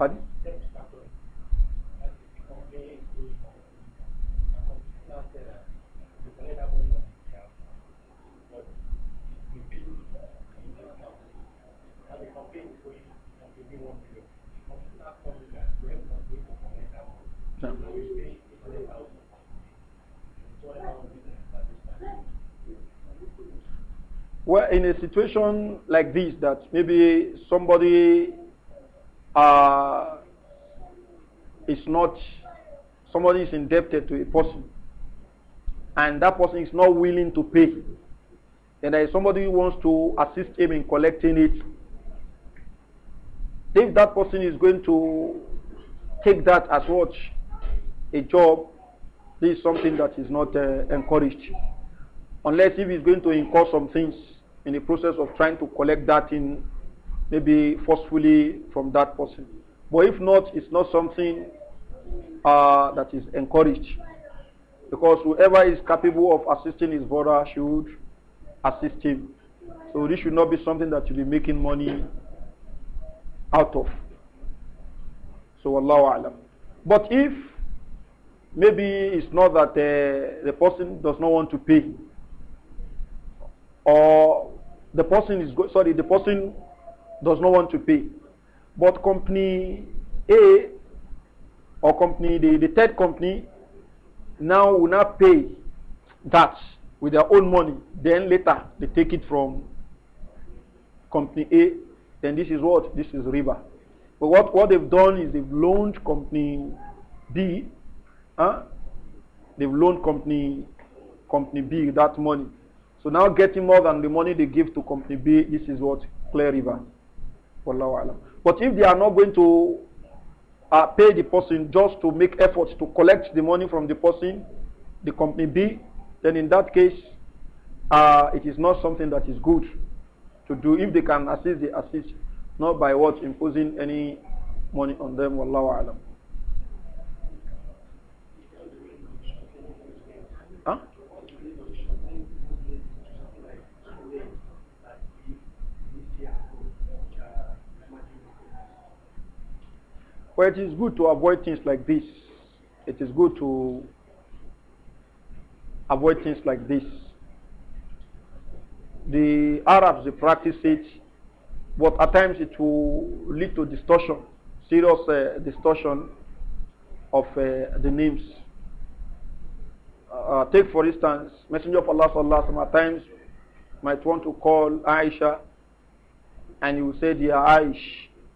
Pardon? Well, in a situation like this, that maybe somebody uh, is not, somebody is indebted to a person, and that person is not willing to pay, and there is somebody who wants to assist him in collecting it. If that person is going to take that as what a job, this is something that is not uh, encouraged, unless if he's going to incur some things in the process of trying to collect that in maybe forcefully from that person. But if not, it's not something uh, that is encouraged. Because whoever is capable of assisting his brother should assist him. So this should not be something that you'll be making money out of. So Allah alam. But if maybe it's not that uh, the person does not want to pay, or the person is go- sorry, the person does not want to pay. But company A or company the, the third company now will not pay that with their own money. Then later they take it from company A. Then this is what this is river. But what, what they've done is they've loaned company B, huh? they've loaned company company B that money. So now getting more than the money they give to company B, this is what Clear River. But if they are not going to uh, pay the person just to make efforts to collect the money from the person, the company B, then in that case, uh, it is not something that is good to do. If they can assist, they assist, not by what imposing any money on them. Wallahu alam. Well, it is good to avoid things like this. It is good to avoid things like this. The Arabs, they practice it, but at times it will lead to distortion, serious uh, distortion of uh, the names. Uh, take for instance, Messenger of Allah sallallahu alaihi at times might want to call Aisha and he will say, dear Aish,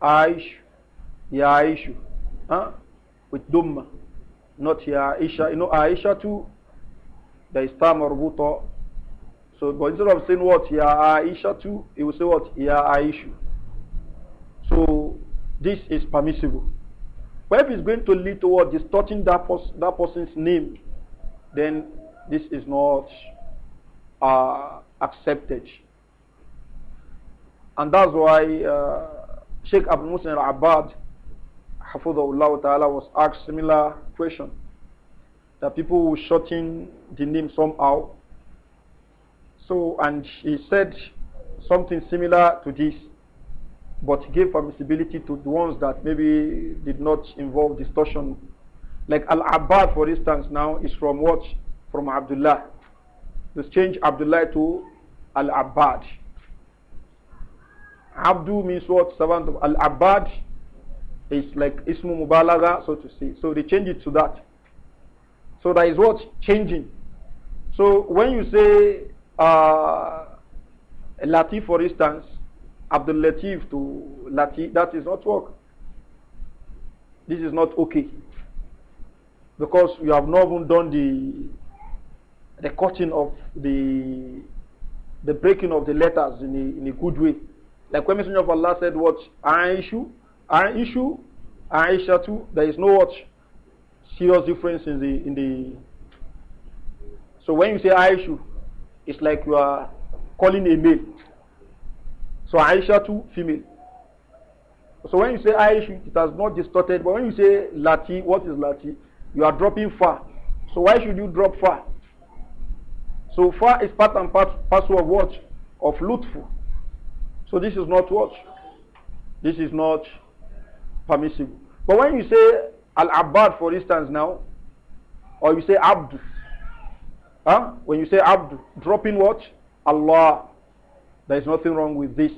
Aish, Ya Aisha, huh? with Dumma, not Ya Aisha. You know, Aisha too, there is Tam or Buto. So, but instead of saying what Ya Aisha too, he will say what Ya Aishu. So, this is permissible. But if it's going to lead toward distorting that, pers that person's name, then this is not uh, accepted. And that's why uh, Sheikh Abu Muslim al-Abbad Hafidahullah Ta'ala was asked similar question. That people will shorten the name somehow. So, and he said something similar to this, but gave permissibility to the ones that maybe did not involve distortion. Like Al-Abbad, for instance, now is from what? From Abdullah. Let's change Abdullah to Al-Abbad. Abdu means what? Servant of Al-Abbad it's like Ismu Mubalaga, so to say. So they change it to that. So that is what? Changing. So when you say uh, Latif, for instance, Abdul Latif to Latif, that is not work. This is not okay. Because you have not even done the the cutting of the the breaking of the letters in a, in a good way. Like when Messenger of Allah said, What? issue." An issue, issue too, there is no serious difference in the in the so when you say Aisha, it's like you are calling a male. So Aisha too, female. So when you say Aisha, it has not distorted. But when you say Lati, what is Lati? You are dropping far. So why should you drop far? So far is part and part, parcel of watch, Of lutful. So this is not watch. This is not permissible. But when you say al Abad, for instance, now, or you say Abdul, huh? when you say Abdul, dropping what? Allah. There is nothing wrong with this.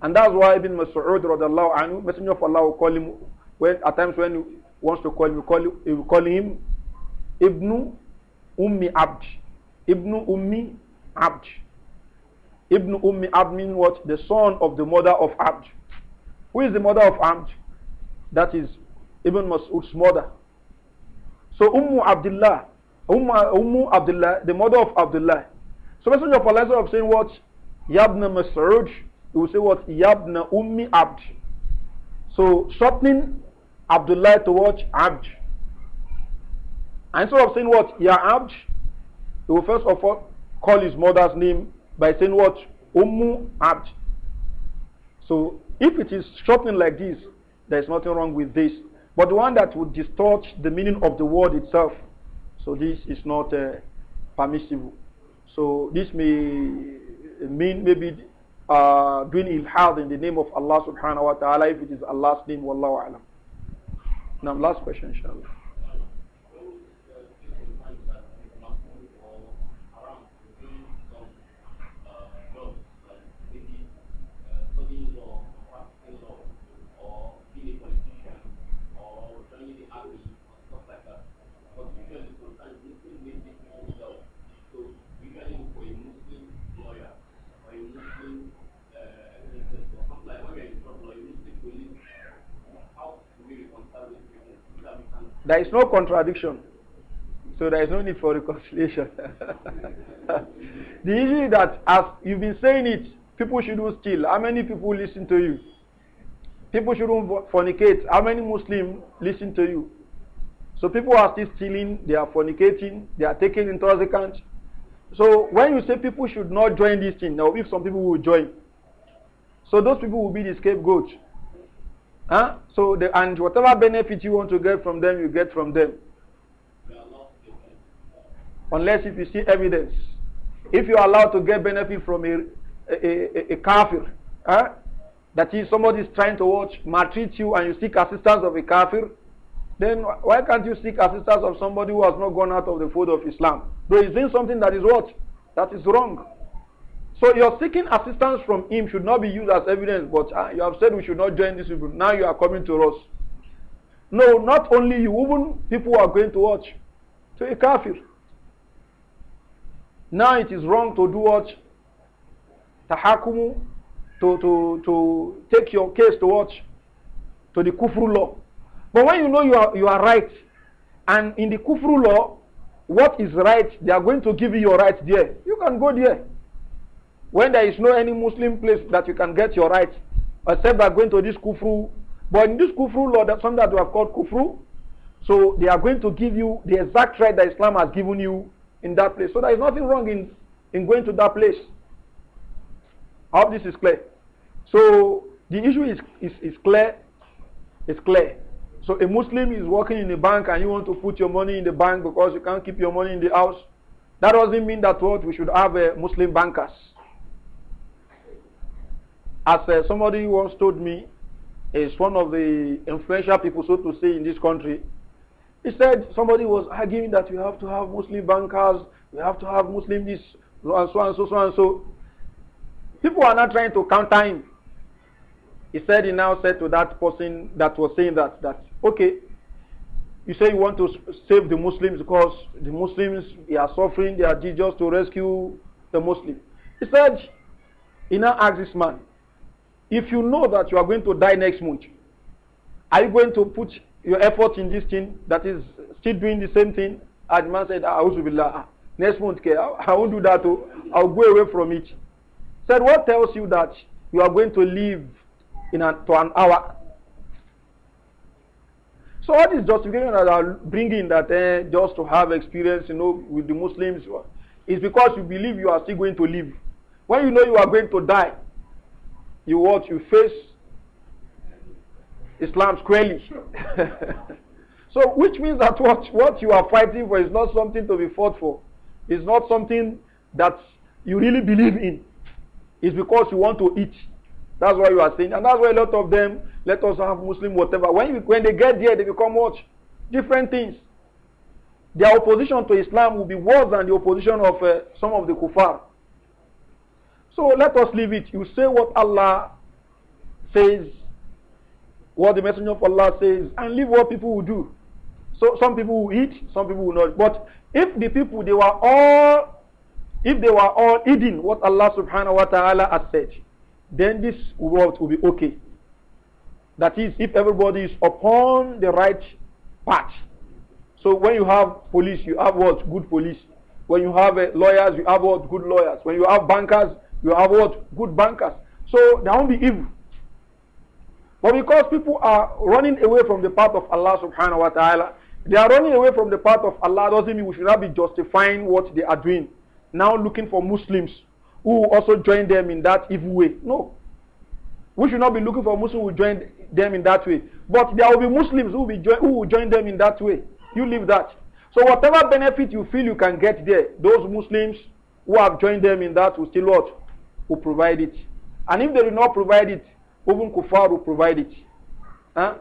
And that's why Ibn Mas'ud, anhu, Messenger of Allah will call him, when, at times when he wants to call him, call, he will call him Ibn Ummi Abd. Ibn Ummi Abd. Ibn Ummi Abd means what? The son of the mother of Abd. Who is the mother of Abd? That is Ibn Mas'ud's mother. So Ummu Abdullah, Ummu, Ummu Abdullah, the mother of Abdullah. So Messenger of Allah of saying what? Yabna Mas'ud. He will say what? Yabna Ummi Abd. So shortening Abdullah to what? Abd. And instead of saying what? Ya Abd, he will first of all call his mother's name by saying what? Ummu Abd. So if it is shortening like this, there's nothing wrong with this. But the one that would distort the meaning of the word itself, so this is not uh, permissible. So this may mean maybe uh, doing ilhad in the name of Allah subhanahu wa ta'ala if it is Allah's name, wallahu alam. Now last question inshallah. There is no contradiction. So there is no need for reconciliation. the issue is that as you've been saying it, people shouldn't steal. How many people listen to you? People shouldn't fornicate. How many Muslims listen to you? So people are still stealing, they are fornicating, they are taking account. So when you say people should not join this thing, now if some people will join, so those people will be the scapegoat. Huh? So the, and whatever benefit you want to get from them, you get from them. Unless if you see evidence. If you are allowed to get benefit from a, a, a, a kafir, huh? that is somebody is trying to watch, maltreat you and you seek assistance of a kafir, then why can't you seek assistance of somebody who has not gone out of the fold of Islam? Though he's doing something that is what? That is wrong. So your seeking assistance from him should not be used as evidence, but uh, you have said we should not join these people. Now you are coming to us. No, not only you, even people are going to watch. To a kafir. Now it is wrong to do what? Tahakumu, to, to, to take your case to watch, to the kufru law. But when you know you are, you are right, and in the kufru law, what is right, they are going to give you your right there. You can go there. When there is no any Muslim place that you can get your rights, except by going to this kufru. But in this kufru law, that some that we have called kufru, so they are going to give you the exact right that Islam has given you in that place. So there is nothing wrong in, in going to that place. I hope this is clear. So the issue is, is, is clear. It's clear. So a Muslim is working in a bank and you want to put your money in the bank because you can't keep your money in the house. That doesn't mean that what we should have uh, Muslim bankers. As uh, somebody once told me, is one of the influential people, so to say, in this country. He said somebody was arguing that we have to have Muslim bankers, we have to have Muslim this, and so and so, so and so. People are not trying to counter him. He said he now said to that person that was saying that that okay, you say you want to save the Muslims because the Muslims they are suffering, they are just to rescue the Muslim. He said he now asked this man, if you know that you are going to die next month, are you going to put your effort in this thing that is still doing the same thing? And the man said, ah, Auzubillah, ah, next month, I won't do that. Oh. I'll go away from it. Said, what tells you that you are going to live in a, to an hour? So all this justification that are bringing that eh, just to have experience, you know, with the Muslims, is because you believe you are still going to live. When you know you are going to die, you what you face Islam squarely. so which means that what what you are fighting for is not something to be fought for. It's not something that you really believe in. It's because you want to eat. That's why you are saying, and that's why a lot of them let us have Muslim whatever. When you, when they get there, they become what different things. Their opposition to Islam will be worse than the opposition of uh, some of the kuffar. So let us leave it. You say what Allah says, what the Messenger of Allah says, and leave what people will do. So some people will eat, some people will not. But if the people they were all if they were all eating what Allah subhanahu wa ta'ala has said, then this world will be okay. That is, if everybody is upon the right path. So when you have police, you have what? Good police. When you have uh, lawyers, you have what? Good lawyers. When you have bankers, you have what? Good bankers. So there won't be evil. But because people are running away from the path of Allah subhanahu wa ta'ala, they are running away from the path of Allah doesn't mean we should not be justifying what they are doing. Now looking for Muslims who also join them in that evil way. No. We should not be looking for Muslims who join them in that way. But there will be Muslims who, be who will join them in that way. You leave that. So whatever benefit you feel you can get there, those Muslims who have joined them in that will still what? will provide it. And if they do not provide it, even Kufar will provide it. Huh?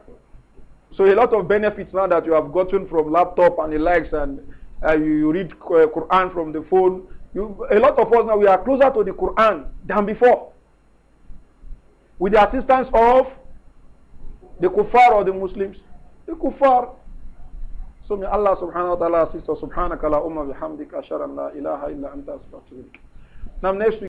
So a lot of benefits now that you have gotten from laptop and the likes and uh, you, you, read uh, Quran from the phone. You, a lot of us now, we are closer to the Quran than before. With the assistance of the Kufar or the Muslims. The Kufar. So may Allah subhanahu wa ta'ala assist us. Subhanaka la umma bihamdika asharan la ilaha illa anta astaghfiruka. Now next week.